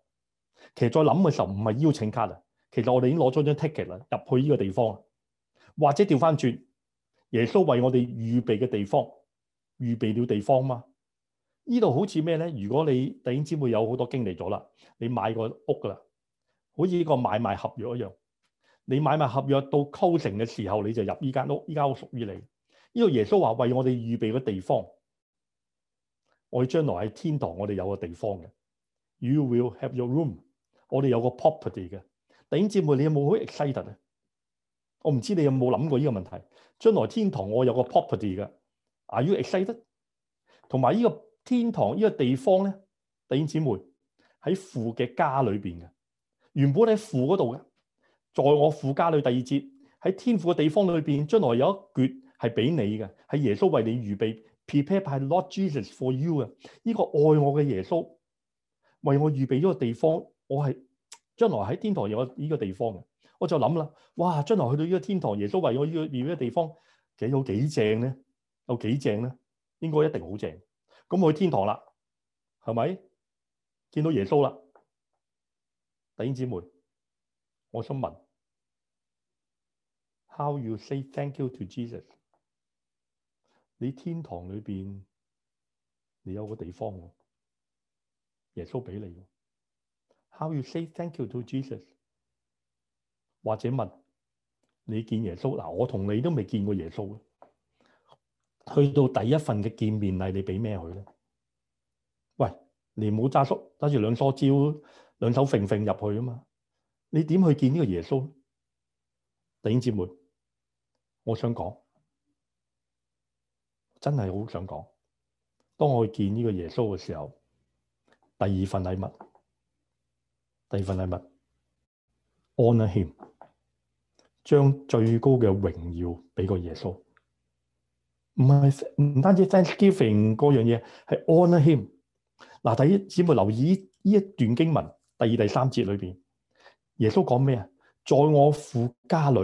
其實再諗嘅時候，唔係邀請卡啦，其實我哋已經攞咗張 ticket 啦，入去呢個地方啦。或者調翻轉，耶穌為我哋預備嘅地方，預備了地方嘛。這呢度好似咩咧？如果你弟兄姊妹有好多經歷咗啦，你買個屋㗎啦，好似呢個買賣合約一樣。你買賣合約到構成嘅時候，你就入依間屋，依間屋屬於你。呢度耶穌話為我哋預備個地方，我將來喺天堂我哋有個地方嘅。You will have your room，我哋有個 property 嘅。弟兄姊妹，你有冇好 excited 啊？我唔知你有冇諗過呢個問題。將來天堂我有個 property 嘅，Are you excited？同埋呢個。天堂呢個地方咧，弟兄姊妹喺父嘅家裏邊嘅，原本喺父嗰度嘅，在我父家裏第二節喺天父嘅地方裏邊，將來有一撅係俾你嘅，係耶穌為你預備 prepare by Lord Jesus for you 嘅，呢個愛我嘅耶穌為我預備咗個地方，我係將來喺天堂有呢個地方嘅，我就諗啦，哇，將來去到呢個天堂，耶穌為我預備嘅地方，幾有幾正咧？有幾正咧？應該一定好正。咁去天堂啦，係咪？見到耶穌啦，弟兄姊妹，我想問，How you say thank you to Jesus？你天堂裏邊，你有個地方，耶穌畀你。How you say thank you to Jesus？或者問，你見耶穌？嗱，我同你都未見過耶穌。去到第一份嘅見面禮，你俾咩佢呢？喂，你唔好揸叔揸住兩梳蕉，兩手揈揈入去啊嘛？你點去見呢個耶穌？弟兄姊妹，我想講，真係好想講。當我去見呢個耶穌嘅時候，第二份禮物，第二份禮物，honour him，將最高嘅榮耀俾個耶穌。唔係唔單止 Thanksgiving 嗰樣嘢，係 on him。嗱。第一，姊妹留意呢一段經文，第二、第三節裏邊，耶穌講咩啊？在我父家裏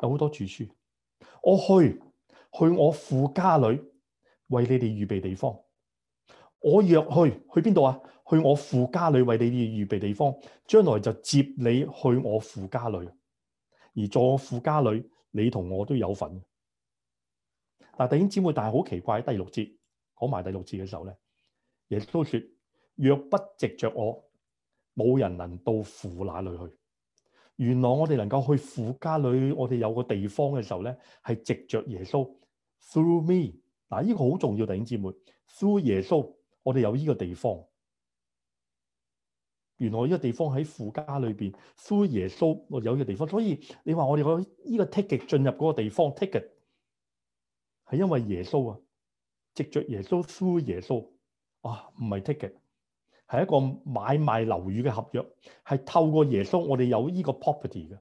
有好多住處，我去去我父家裏為你哋預備地方。我若去去邊度啊？去我父家裏為你哋預備地方，將來就接你去我父家裏。而在我父家裏，你同我都有份。但弟兄姊妹，但係好奇怪，第六節講埋第六節嘅時候咧，耶穌都說：若不藉着我，冇人能到父那裡去。原來我哋能夠去父家裏，我哋有個地方嘅時候咧，係藉着耶穌，through me。嗱，呢個好重要，弟兄姊妹，through 耶穌，我哋有依個地方。原來呢個地方喺父家裏邊，through 耶穌，我有呢個地方。所以你話我哋可以依個 ticket 進入嗰個地方，ticket。係因為耶穌啊，藉著耶穌 through 耶穌啊，唔係 ticket 嘅，係一個買賣樓宇嘅合約，係透過耶穌，我哋有依個 property 嘅。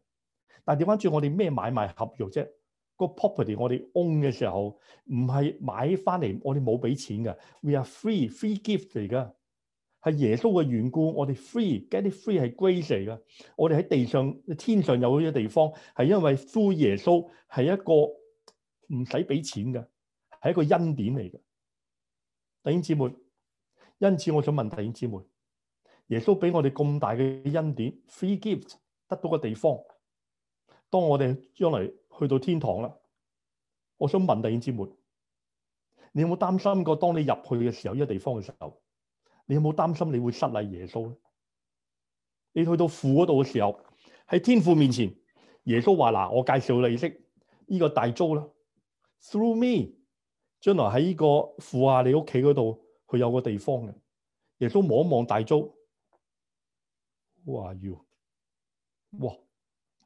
但係調翻轉，我哋咩買賣合約啫？個 property 我哋 own 嘅時候，唔係買翻嚟，我哋冇俾錢嘅。We are free, free gift 嚟㗎，係耶穌嘅緣故，我哋 free，get free 係 free, grace 嚟㗎。我哋喺地上、天上有好多地方，係因為 through 耶穌係一個。唔使俾錢㗎，係一個恩典嚟㗎。弟兄姊妹，因此，我想問弟兄姊妹：耶穌俾我哋咁大嘅恩典，free gift 得到個地方。當我哋將嚟去到天堂啦，我想問弟兄姊妹，你有冇擔心過？當你入去嘅時候，呢個地方嘅時候，你有冇擔心你會失禮耶穌咧？你去到父嗰度嘅時候，喺天父面前，耶穌話：嗱，我介紹你識呢個大租啦。Through me，將來喺呢個富下你屋企嗰度，佢有個地方嘅。耶穌望一望大卒，話要，哇，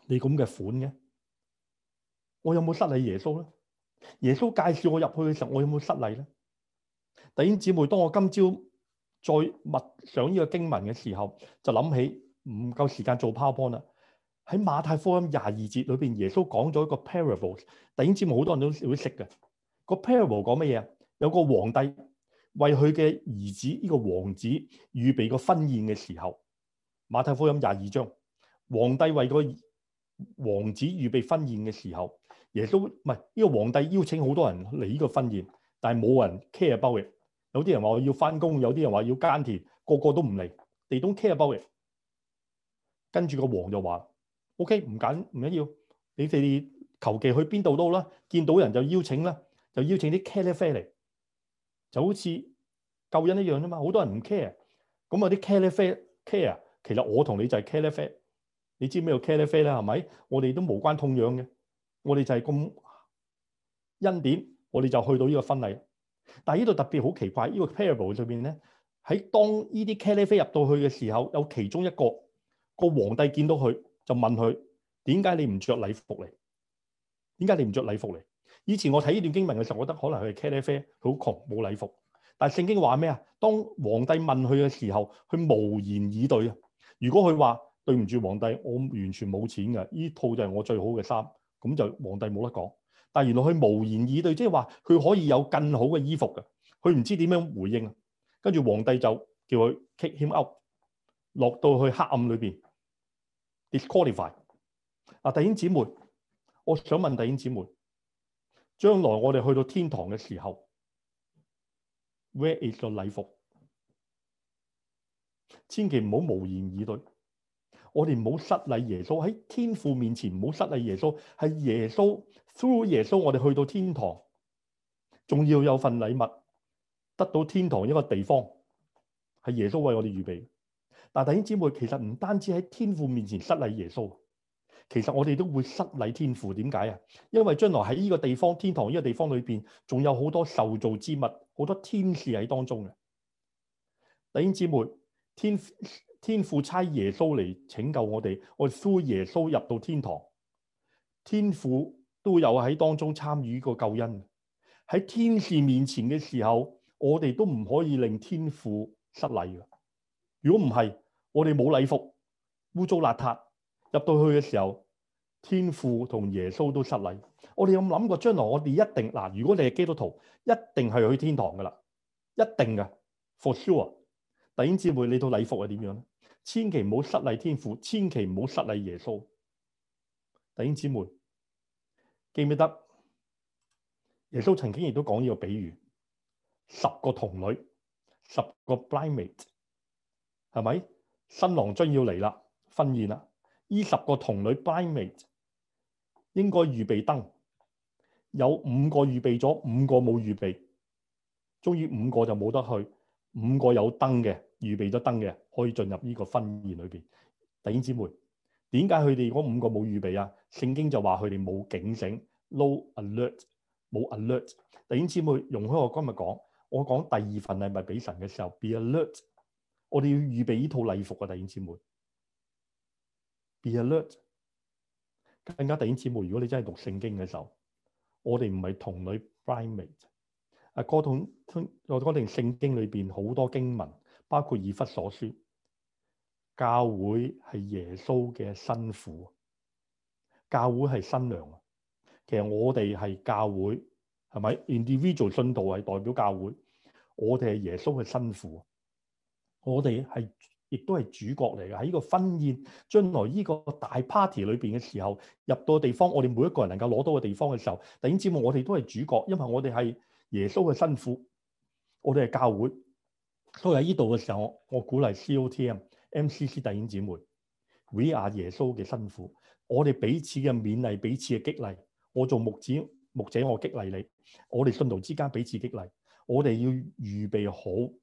你咁嘅款嘅，我有冇失禮耶穌咧？耶穌介紹我入去嘅時候，我有冇失禮咧？弟兄姊妹，當我今朝再默想呢個經文嘅時候，就諗起唔夠時間做 PowerPoint 啦。喺馬太福音廿二節裏邊，耶穌講咗一個 parable。大家知好多人都會識嘅個 parable 講乜嘢？有個皇帝為佢嘅兒子呢個王子預備個婚宴嘅時候，馬太福音廿二章，皇帝為個王子預備婚宴嘅時候，耶穌唔係呢個皇帝邀請好多人嚟呢個婚宴，但係冇人 care about it。有啲人話要翻工，有啲人話要耕田，個個都唔嚟，都唔 care about it。跟住個王就話。O.K. 唔緊唔緊要，你哋求其去邊度都好啦，見到人就邀請啦，就邀請啲 c a r e l e s 嚟，就好似救恩一樣啫嘛。好多人唔 care，咁啊啲 c a r e l e s care，其實我同你就係 c a r e l e s 你知咩叫 careless 咧？係咪？我哋都無關痛癢嘅，我哋就係咁恩典，我哋就去到呢個婚禮。但係呢度特別好奇怪，這個、裡面呢個 parable 上邊咧，喺當呢啲 c a r e l e s 入到去嘅時候，有其中一個個皇帝見到佢。就問佢點解你唔着禮服嚟？點解你唔着禮服嚟？以前我睇呢段經文嘅時候，我覺得可能佢係茄喱啡，佢好窮，冇禮服。但係聖經話咩啊？當皇帝問佢嘅時候，佢無言以對啊！如果佢話對唔住皇帝，我完全冇錢㗎，呢套就係我最好嘅衫，咁就皇帝冇得講。但係原來佢無言以對，即係話佢可以有更好嘅衣服㗎，佢唔知點樣回應啊！跟住皇帝就叫佢 kick him out，落到去黑暗裏邊。disqualify。嗱，弟兄姊妹，我想問弟兄姊妹，將來我哋去到天堂嘅時候，where is the 禮服？千祈唔好無言以對，我哋唔好失禮耶穌喺天父面前，唔好失禮耶穌，係耶穌 through 耶穌我哋去到天堂，仲要有份禮物，得到天堂一個地方，係耶穌為我哋預備。但弟兄姊妹，其實唔單止喺天父面前失禮耶穌，其實我哋都會失禮天父。點解啊？因為將來喺呢個地方、天堂呢個地方裏面，仲有好多受造之物、好多天使喺當中嘅。弟兄姊妹，天天父差耶穌嚟拯救我哋，我哋呼耶穌入到天堂，天父都有喺當中參與個救恩。喺天使面前嘅時候，我哋都唔可以令天父失禮嘅。如果唔係，我哋冇禮服，污糟邋遢，入到去嘅時候，天父同耶穌都失禮。我哋有冇諗過將來？我哋一定嗱，如果你係基督徒，一定係去天堂噶啦，一定噶，for sure 啊！弟兄姊妹，你套禮服係點樣咧？千祈唔好失禮天父，千祈唔好失禮耶穌。弟兄姊妹，記唔記得？耶穌曾經亦都講呢個比喻：十個童女，十個 blind mate。係咪新郎將要嚟啦？婚宴啦！呢十個童女 bright 應該預備燈，有五個預備咗，五個冇預備，終於五個就冇得去，五個有燈嘅預備咗燈嘅，可以進入呢個婚宴裏邊。弟兄姊妹，點解佢哋嗰五個冇預備啊？聖經就話佢哋冇警醒，no alert，冇 alert。弟兄姊妹，容許我今日講，我講第二份禮物俾神嘅時候，be alert。我哋要預備呢套禮服啊，弟兄姊妹。Be alert，更加弟兄姊妹。如果你真係讀聖經嘅時候，我哋唔係同女 bride 妹。啊，哥我哋定聖經裏邊好多經文，包括以弗所說，教會係耶穌嘅新婦，教會係新娘啊。其實我哋係教會，係咪？Individual 信徒係代表教會，我哋係耶穌嘅新婦。我哋係亦都係主角嚟嘅，喺呢個婚宴，將來呢個大 party 裏邊嘅時候，入到地方，我哋每一個人能夠攞到嘅地方嘅時候，弟兄姊妹，我哋都係主角，因為我哋係耶穌嘅新婦。我哋係教會，都喺呢度嘅時候，我鼓勵 COTM、MCC 弟兄姊妹，會亞耶穌嘅新婦。我哋彼此嘅勉勵，彼此嘅激勵，我做牧子牧者，我激勵你，我哋信徒之間彼此激勵，我哋要預備好。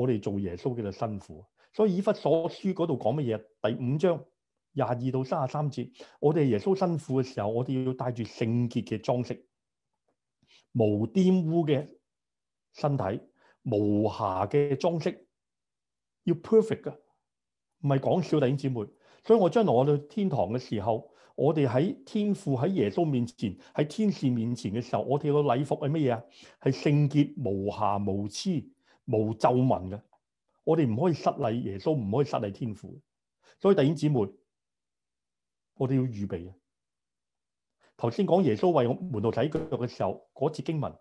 我哋做耶穌嘅就辛苦，所以以弗所書嗰度講乜嘢？第五章廿二到卅三節，我哋耶穌辛苦嘅時候，我哋要帶住聖潔嘅裝飾，無玷污嘅身體，無瑕嘅裝飾，要 perfect 噶，唔係講笑，弟兄姊妹。所以我將來我哋天堂嘅時候，我哋喺天父喺耶穌面前，喺天使面前嘅時候，我哋個禮服係乜嘢啊？係聖潔、無瑕、無疵。冇皺紋嘅，我哋唔可以失禮耶穌，唔可以失禮天父，所以弟兄姊妹，我哋要預備啊。頭先講耶穌為我門徒洗腳嘅時候，嗰次經文，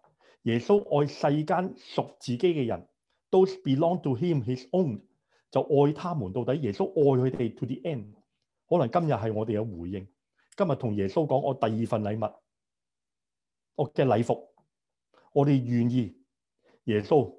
耶穌愛世間屬自己嘅人都 belong to him his own，就愛他們到底。耶穌愛佢哋 to the end，可能今日係我哋嘅回應。今日同耶穌講，我第二份禮物，我嘅禮服，我哋願意耶穌。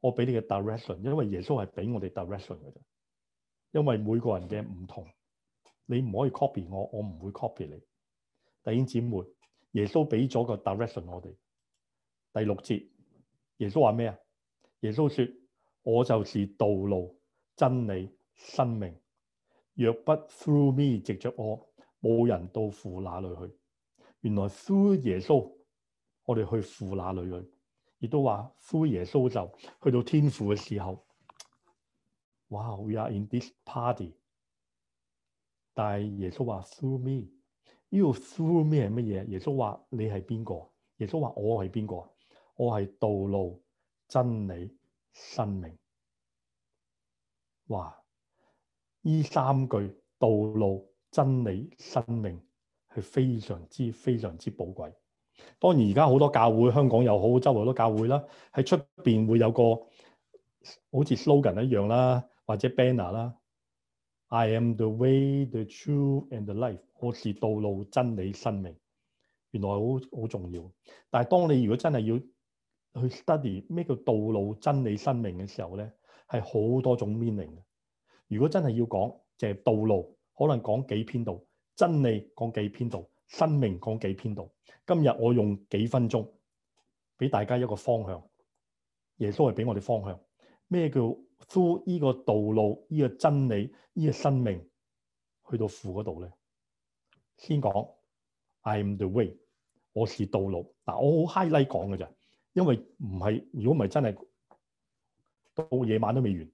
我俾你嘅 direction，因為耶穌係俾我哋 direction 嘅啫。因為每個人嘅唔同，你唔可以 copy 我，我唔會 copy 你。弟兄姊妹，耶穌俾咗個 direction 我哋。第六節，耶穌話咩啊？耶穌說：我就是道路、真理、生命。若不 through me，藉著我，冇人到父那裡去。原來 through 耶穌，我哋去父那裡去。亦都話 through 耶穌就去到天父嘅時候，哇，we are in this party。但係耶穌話，through me，呢個 through me 係乜嘢？耶穌話你係邊個？耶穌話我係邊個？我係道路、真理、生命。話呢三句道路、真理、生命係非常之非常之寶貴。當然，而家好多教會，香港又好，周圍好多教會啦，喺出邊會有個好似 slogan 一樣啦，或者 banner 啦。I am the way, the truth and the life。我是道路、真理、生命。原來好好重要。但係，當你如果真係要去 study 咩叫道路、真理、生命嘅時候咧，係好多種 meaning 嘅。如果真係要講，就係道路，可能講幾篇道；真理講幾篇道。生命講幾篇度，今日我用幾分鐘俾大家一個方向。耶穌係俾我哋方向，咩叫 through 呢個道路、呢個真理、呢個生命去到父嗰度咧？先講 I am the way，我是道路。嗱，我好 highlight 講㗎咋，因為唔係，如果唔係真係到夜晚都未完。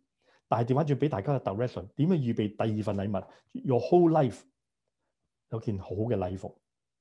但係調翻要俾大家個 direction，點樣預備第二份禮物？Your whole life 有件好嘅禮服。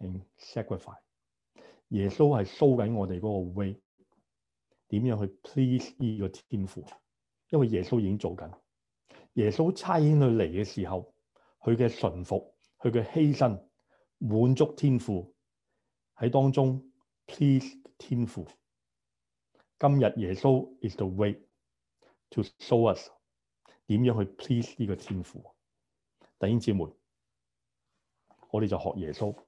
and sacrifice 耶。耶穌係 show 緊我哋嗰個 way 點樣去 please 呢個天父，因為耶穌已經做緊。耶穌差遣佢嚟嘅時候，佢嘅順服、佢嘅犧牲，滿足天父喺當中 please 天父。今日耶穌 is the way to show us 點樣去 please 呢個天父。弟兄姐妹，我哋就學耶穌。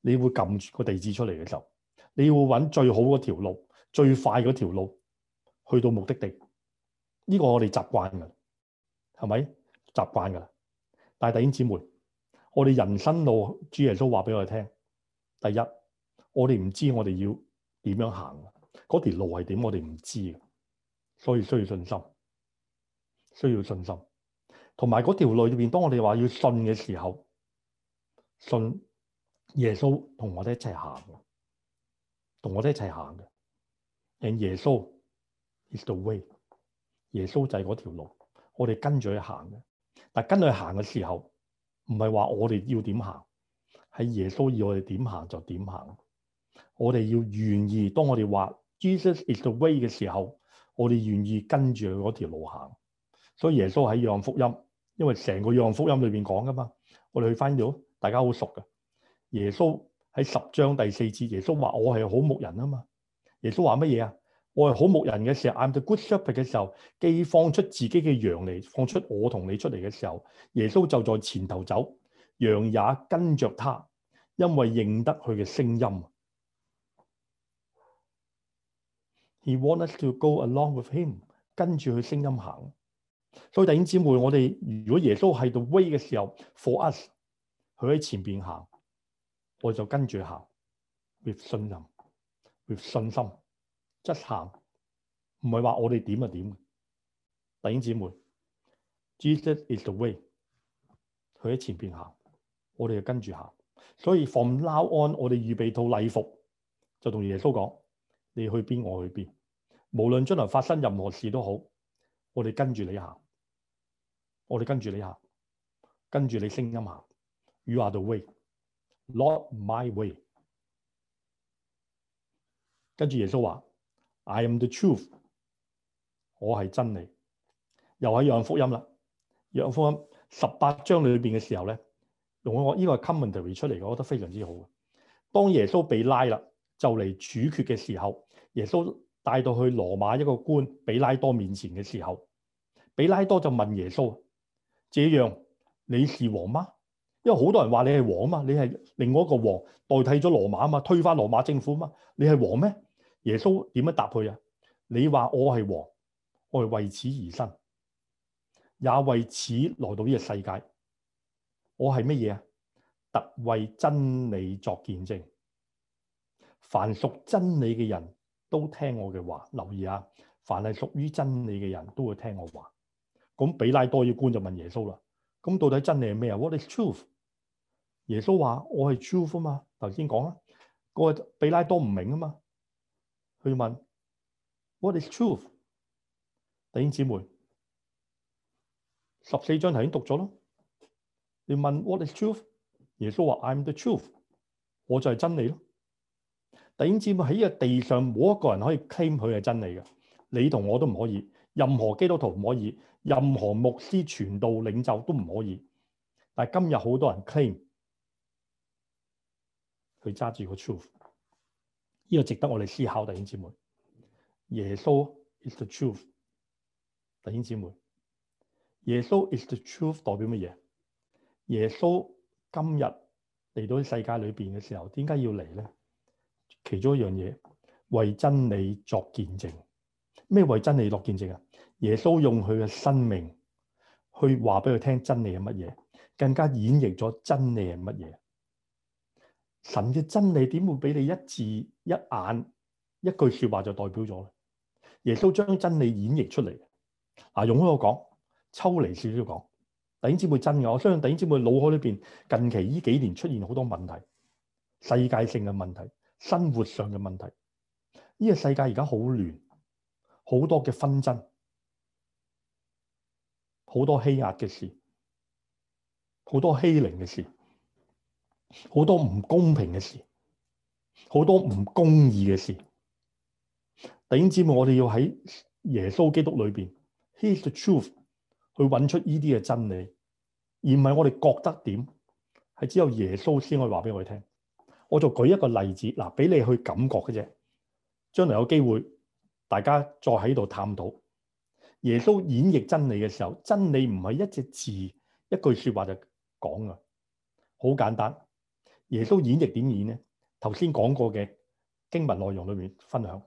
你會撳住個地址出嚟嘅時候，你會搵最好嗰條路，最快嗰條路去到目的地。呢個我哋習慣噶，係咪習慣噶啦？但係弟兄姊妹，我哋人生路，主耶穌話俾我哋聽：第一，我哋唔知我哋要點樣行，嗰條路係點，我哋唔知嘅，所以需要信心，需要信心。同埋嗰條路入面，當我哋話要信嘅時候，信。耶穌同我哋一齊行嘅，同我哋一齊行嘅。And 耶穌 is the way，耶穌就係嗰條路，我哋跟住去行嘅。但跟佢行嘅時候，唔係話我哋要點行，係耶穌要我哋點行就點行。我哋要願意，當我哋話 Jesus is the way 嘅時候，我哋願意跟住佢嗰條路行。所以耶穌喺約翰福音，因為成個約翰福音裏邊講噶嘛，我哋去翻度，大家好熟噶。耶穌喺十章第四節，耶穌話我係好牧人啊嘛。耶穌話乜嘢啊？我係好牧人嘅時候，I'm the good shepherd 嘅時候，既放出自己嘅羊嚟，放出我同你出嚟嘅時候，耶穌就在前頭走，羊也跟着他，因為認得佢嘅聲音。He wants to go along with him，跟住佢聲音行。所以弟兄姊妹，我哋如果耶穌喺度 way 嘅時候，for us，佢喺前邊行。我就跟住行，with 信任，with 信心，即行，唔係話我哋點就點。弟兄姊妹，Jesus is the way，佢喺前面行，我哋就跟住行。所以 from now on，我哋預備套禮服，就同耶穌講：你去邊，我去邊。無論將來發生任何事都好，我哋跟住你行，我哋跟住你行，跟住你聲音行。You are the way。Lord my way，跟住耶穌話：I am the truth，我係真理。又係約翰福音啦，約翰福音十八章裏邊嘅時候咧，用我呢個 commentary 出嚟，我覺得非常之好。當耶穌被拉啦，就嚟處決嘅時候，耶穌帶到去羅馬一個官彼拉多面前嘅時候，彼拉多就問耶穌：這樣你是王嗎？因為好多人話你係王啊嘛，你係另外一個王代替咗羅馬啊嘛，推翻羅馬政府啊嘛，你係王咩？耶穌點樣答佢啊？你話我係王，我係為此而生，也為此來到呢個世界。我係乜嘢啊？特為真理作見證。凡屬真理嘅人都聽我嘅話。留意啊，凡係屬於真理嘅人都會聽我話。咁比拉多要官就問耶穌啦。咁到底真理係咩啊？What is truth？耶穌話我係 truth 嘛，頭先講啦。個彼拉多唔明啊嘛，佢問 What is truth？弟兄姊妹，十四章頭先讀咗咯，你問 What is truth？耶穌話 I'm the truth，我就係真理咯。弟兄姊妹，喺呢個地上冇一個人可以 claim 佢係真理噶，你同我都唔可以。任何基督徒唔可以，任何牧師傳道領袖都唔可以。但係今日好多人 claim，佢揸住個 truth，呢個值得我哋思考。弟兄姊妹，耶穌 is the truth。弟兄姊妹，耶穌 is the truth 代表乜嘢？耶穌今日嚟到世界裏面嘅時候，點解要嚟咧？其中一樣嘢，為真理作見證。咩為真理落見證啊？耶穌用佢嘅生命去話俾佢聽真理係乜嘢，更加演繹咗真理係乜嘢。神嘅真理點會俾你一字一眼一句說話就代表咗咧？耶穌將真理演繹出嚟。嗱，用、啊、一個講，抽離少少講，弟兄姊妹，真嘅，我相信弟兄姊妹腦海裏邊近期呢幾年出現好多問題，世界性嘅問題，生活上嘅問題，呢、呢個世界而家好亂。好多嘅紛爭，好多欺壓嘅事，好多欺凌嘅事，好多唔公平嘅事，好多唔公義嘅事。弟兄姊妹，我哋要喺耶穌基督裏邊，He is the truth，去揾出呢啲嘅真理，而唔係我哋覺得點，係只有耶穌先可以話俾我哋聽。我就舉一個例子，嗱，俾你去感覺嘅啫，將來有機會。大家再喺度探討耶穌演繹真理嘅時候，真理唔係一隻字、一句說話就講噶，好簡單。耶穌演繹點演咧？頭先講過嘅經文內容裏面分享，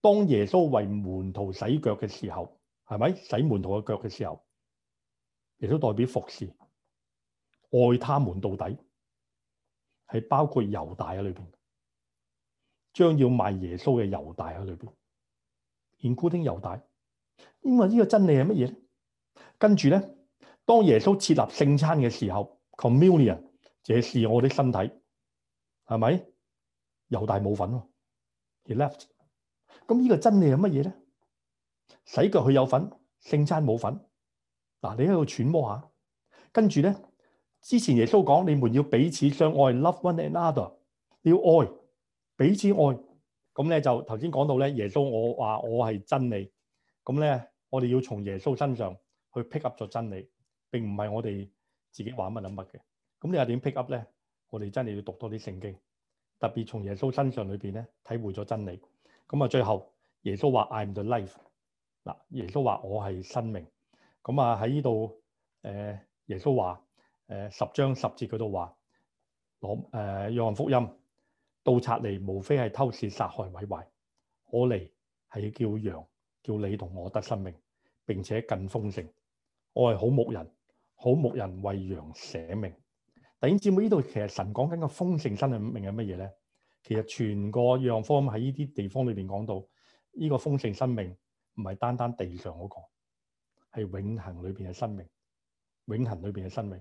當耶穌為門徒洗腳嘅時候，係咪洗門徒嘅腳嘅時候？耶穌代表服侍，愛他們到底，係包括猶大喺裏邊，將要賣耶穌嘅猶大喺裏邊。見古丁猶大，因為呢個真理係乜嘢咧？跟住咧，當耶穌設立聖餐嘅時候，Communion，即係我哋身體，係咪？猶大冇份喎，He left。咁呢個真理係乜嘢咧？洗腳佢有份，聖餐冇份。嗱，你喺度揣摩下。跟住咧，之前耶穌講你們要彼此相愛，Love one another，你要愛，彼此愛。咁咧就頭先講到咧，耶穌我話我係真理，咁咧我哋要從耶穌身上去 pick up 咗真理，並唔係我哋自己話乜諗乜嘅。咁你又點 pick up 咧？我哋真係要讀多啲聖經，特別從耶穌身上裏邊咧體會咗真理。咁啊，最後耶穌話 I am the life，嗱，耶穌話我係生命。咁啊喺呢度，誒耶穌話誒十章十節佢度話羅誒約翰福音。盜賊嚟，無非係偷竊殺害毀壞。我嚟係要叫羊叫你同我得生命，並且更豐盛。我係好牧人，好牧人為羊捨命。弟兄姊妹，你知唔知道，呢度其實神講緊個豐盛生命係乜嘢咧？其實全個羊方喺呢啲地方裏邊講到呢個豐盛生命，唔係單單地上嗰個，係永恆裏邊嘅生命，永恆裏邊嘅生命。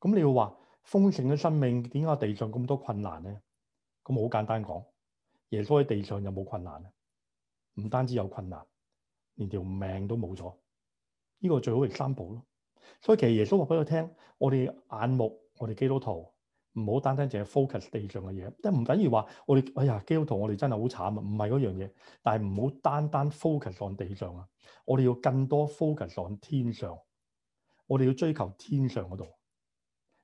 咁你要話豐盛嘅生命，點解地上咁多困難咧？咁好簡單講，耶穌喺地上有冇困難咧？唔單止有困難，連條命都冇咗。呢個最好係三寶咯。所以其實耶穌話俾我聽：我哋眼目，我哋基督徒唔好單單淨係 focus 地上嘅嘢，即係唔等於話我哋哎呀基督徒我哋真係好慘啊，唔係嗰樣嘢。但係唔好單單 focus 喺地上啊，我哋要更多 focus 喺天上，我哋要追求天上嗰度。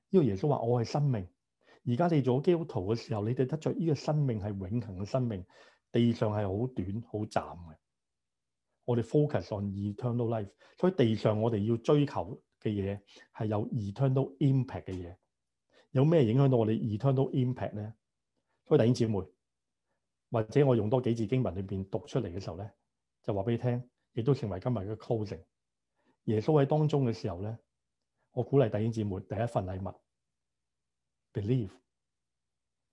因為耶穌話：我係生命。而家你做基督徒嘅時候，你哋得着呢個生命係永恒嘅生命，地上係好短好暫嘅。我哋 focus on eternal life，所以地上我哋要追求嘅嘢係有 eternal impact 嘅嘢。有咩影響到我哋 eternal impact 咧？所以弟兄姊妹，或者我用多幾字經文裏邊讀出嚟嘅時候咧，就話俾你聽，亦都成為今日嘅 closing。耶穌喺當中嘅時候咧，我鼓勵弟兄姊妹第一份禮物。Believe，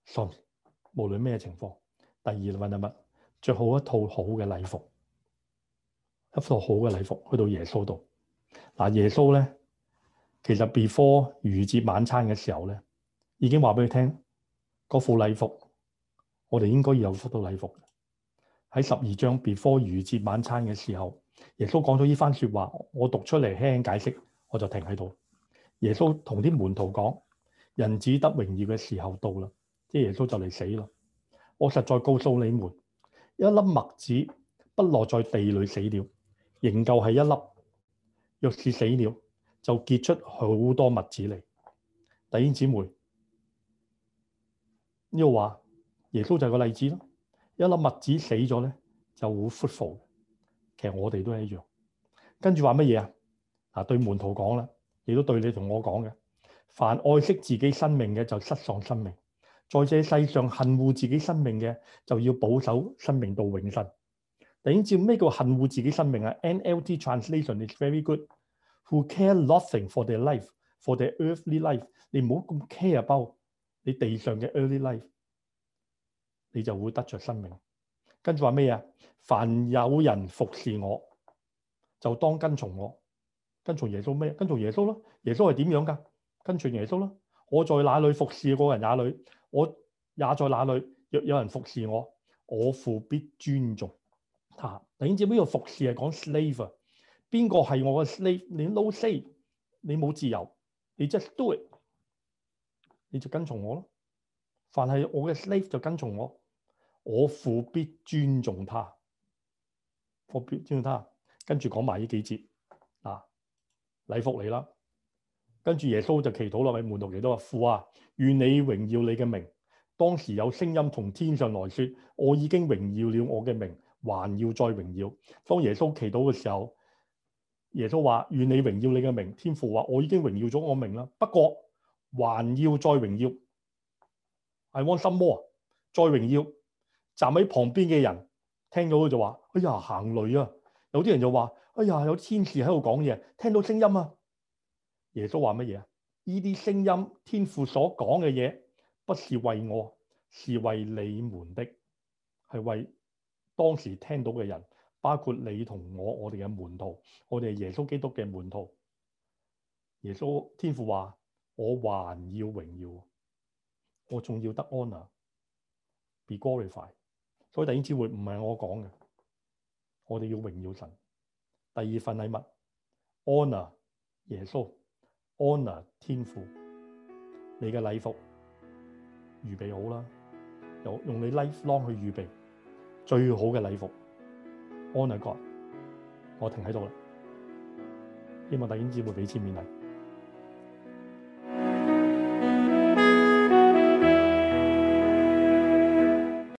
所以無論咩情況，第二問第物，着好一套好嘅禮服，一套好嘅禮服去到耶穌度。嗱，耶穌呢其實 before 逾節晚餐的時候咧，已經話俾你聽，嗰副禮服我哋應該要有梳到禮服。喺十二章 before 逾節晚餐的時候，耶穌講咗呢番說話，我讀出嚟輕輕解釋，我就停喺度。耶穌同啲門徒講。人子得榮耀嘅時候到啦，即係耶穌就嚟死啦。我實在告訴你們，一粒麥子不落在地裏死了，仍舊是一粒。若是死了，就結出好多麥子嚟。弟兄姊妹，呢度話耶穌就係個例子咯。一粒麥子死咗咧，就會復活。其實我哋都是一樣。跟住話乜嘢啊？對門徒講啦，亦都對你同我講嘅。凡愛惜自己生命嘅，就失喪生命；在這世上恨護自己生命嘅，就要保守生命到永生。等住咩叫恨護自己生命啊？NLT translation is very good. Who care nothing for their life for their earthly life？你唔好咁 care about，你地上嘅 early life，你就會得着生命。跟住話咩啊？凡有人服侍我，就當跟從我。跟從耶穌咩？跟從耶穌咯。耶穌係點樣噶？跟隨耶穌啦！我在哪裏服侍嗰個人裏，哪裏我也在哪裏。若有人服侍我，我父必尊重他。你知唔知呢個服侍係講 slave 啊？邊個係我嘅 slave？你奴隸，你冇自由，你 just do it，你就跟從我咯。凡係我嘅 slave 就跟從我，我父必尊重他，我必尊重他。跟住講埋呢幾節啊，禮服你啦。跟住耶穌就祈禱喇咪門徒嚟到話父啊，願你榮耀你嘅名。當時有聲音從天上來說：我已經榮耀了我嘅名，還要再榮耀。當耶穌祈禱嘅時候，耶穌話：願你榮耀你嘅名。天父話：我已經榮耀咗我名啦，不過還要再榮耀。I want some more. 再榮耀。站喺旁邊嘅人聽到佢就話：哎呀行雷啊！有啲人就話：哎呀有天使喺度講嘢，聽到聲音啊！耶穌話乜嘢啊？呢啲聲音天父所講嘅嘢，不是為我是為你們的，係為當時聽到嘅人，包括你同我，我哋嘅門徒，我哋係耶穌基督嘅門徒。耶穌天父話：我還要榮耀，我仲要得 honour, be glorified。所以第一次會唔係我講嘅，我哋要榮耀神。第二份禮物 honour，耶穌。Honor 天父，你嘅禮服預備好啦，用你 life long 去預備最好嘅禮服，Honor God，我停喺度啦，希望弟兄姊妹俾啲勉勵。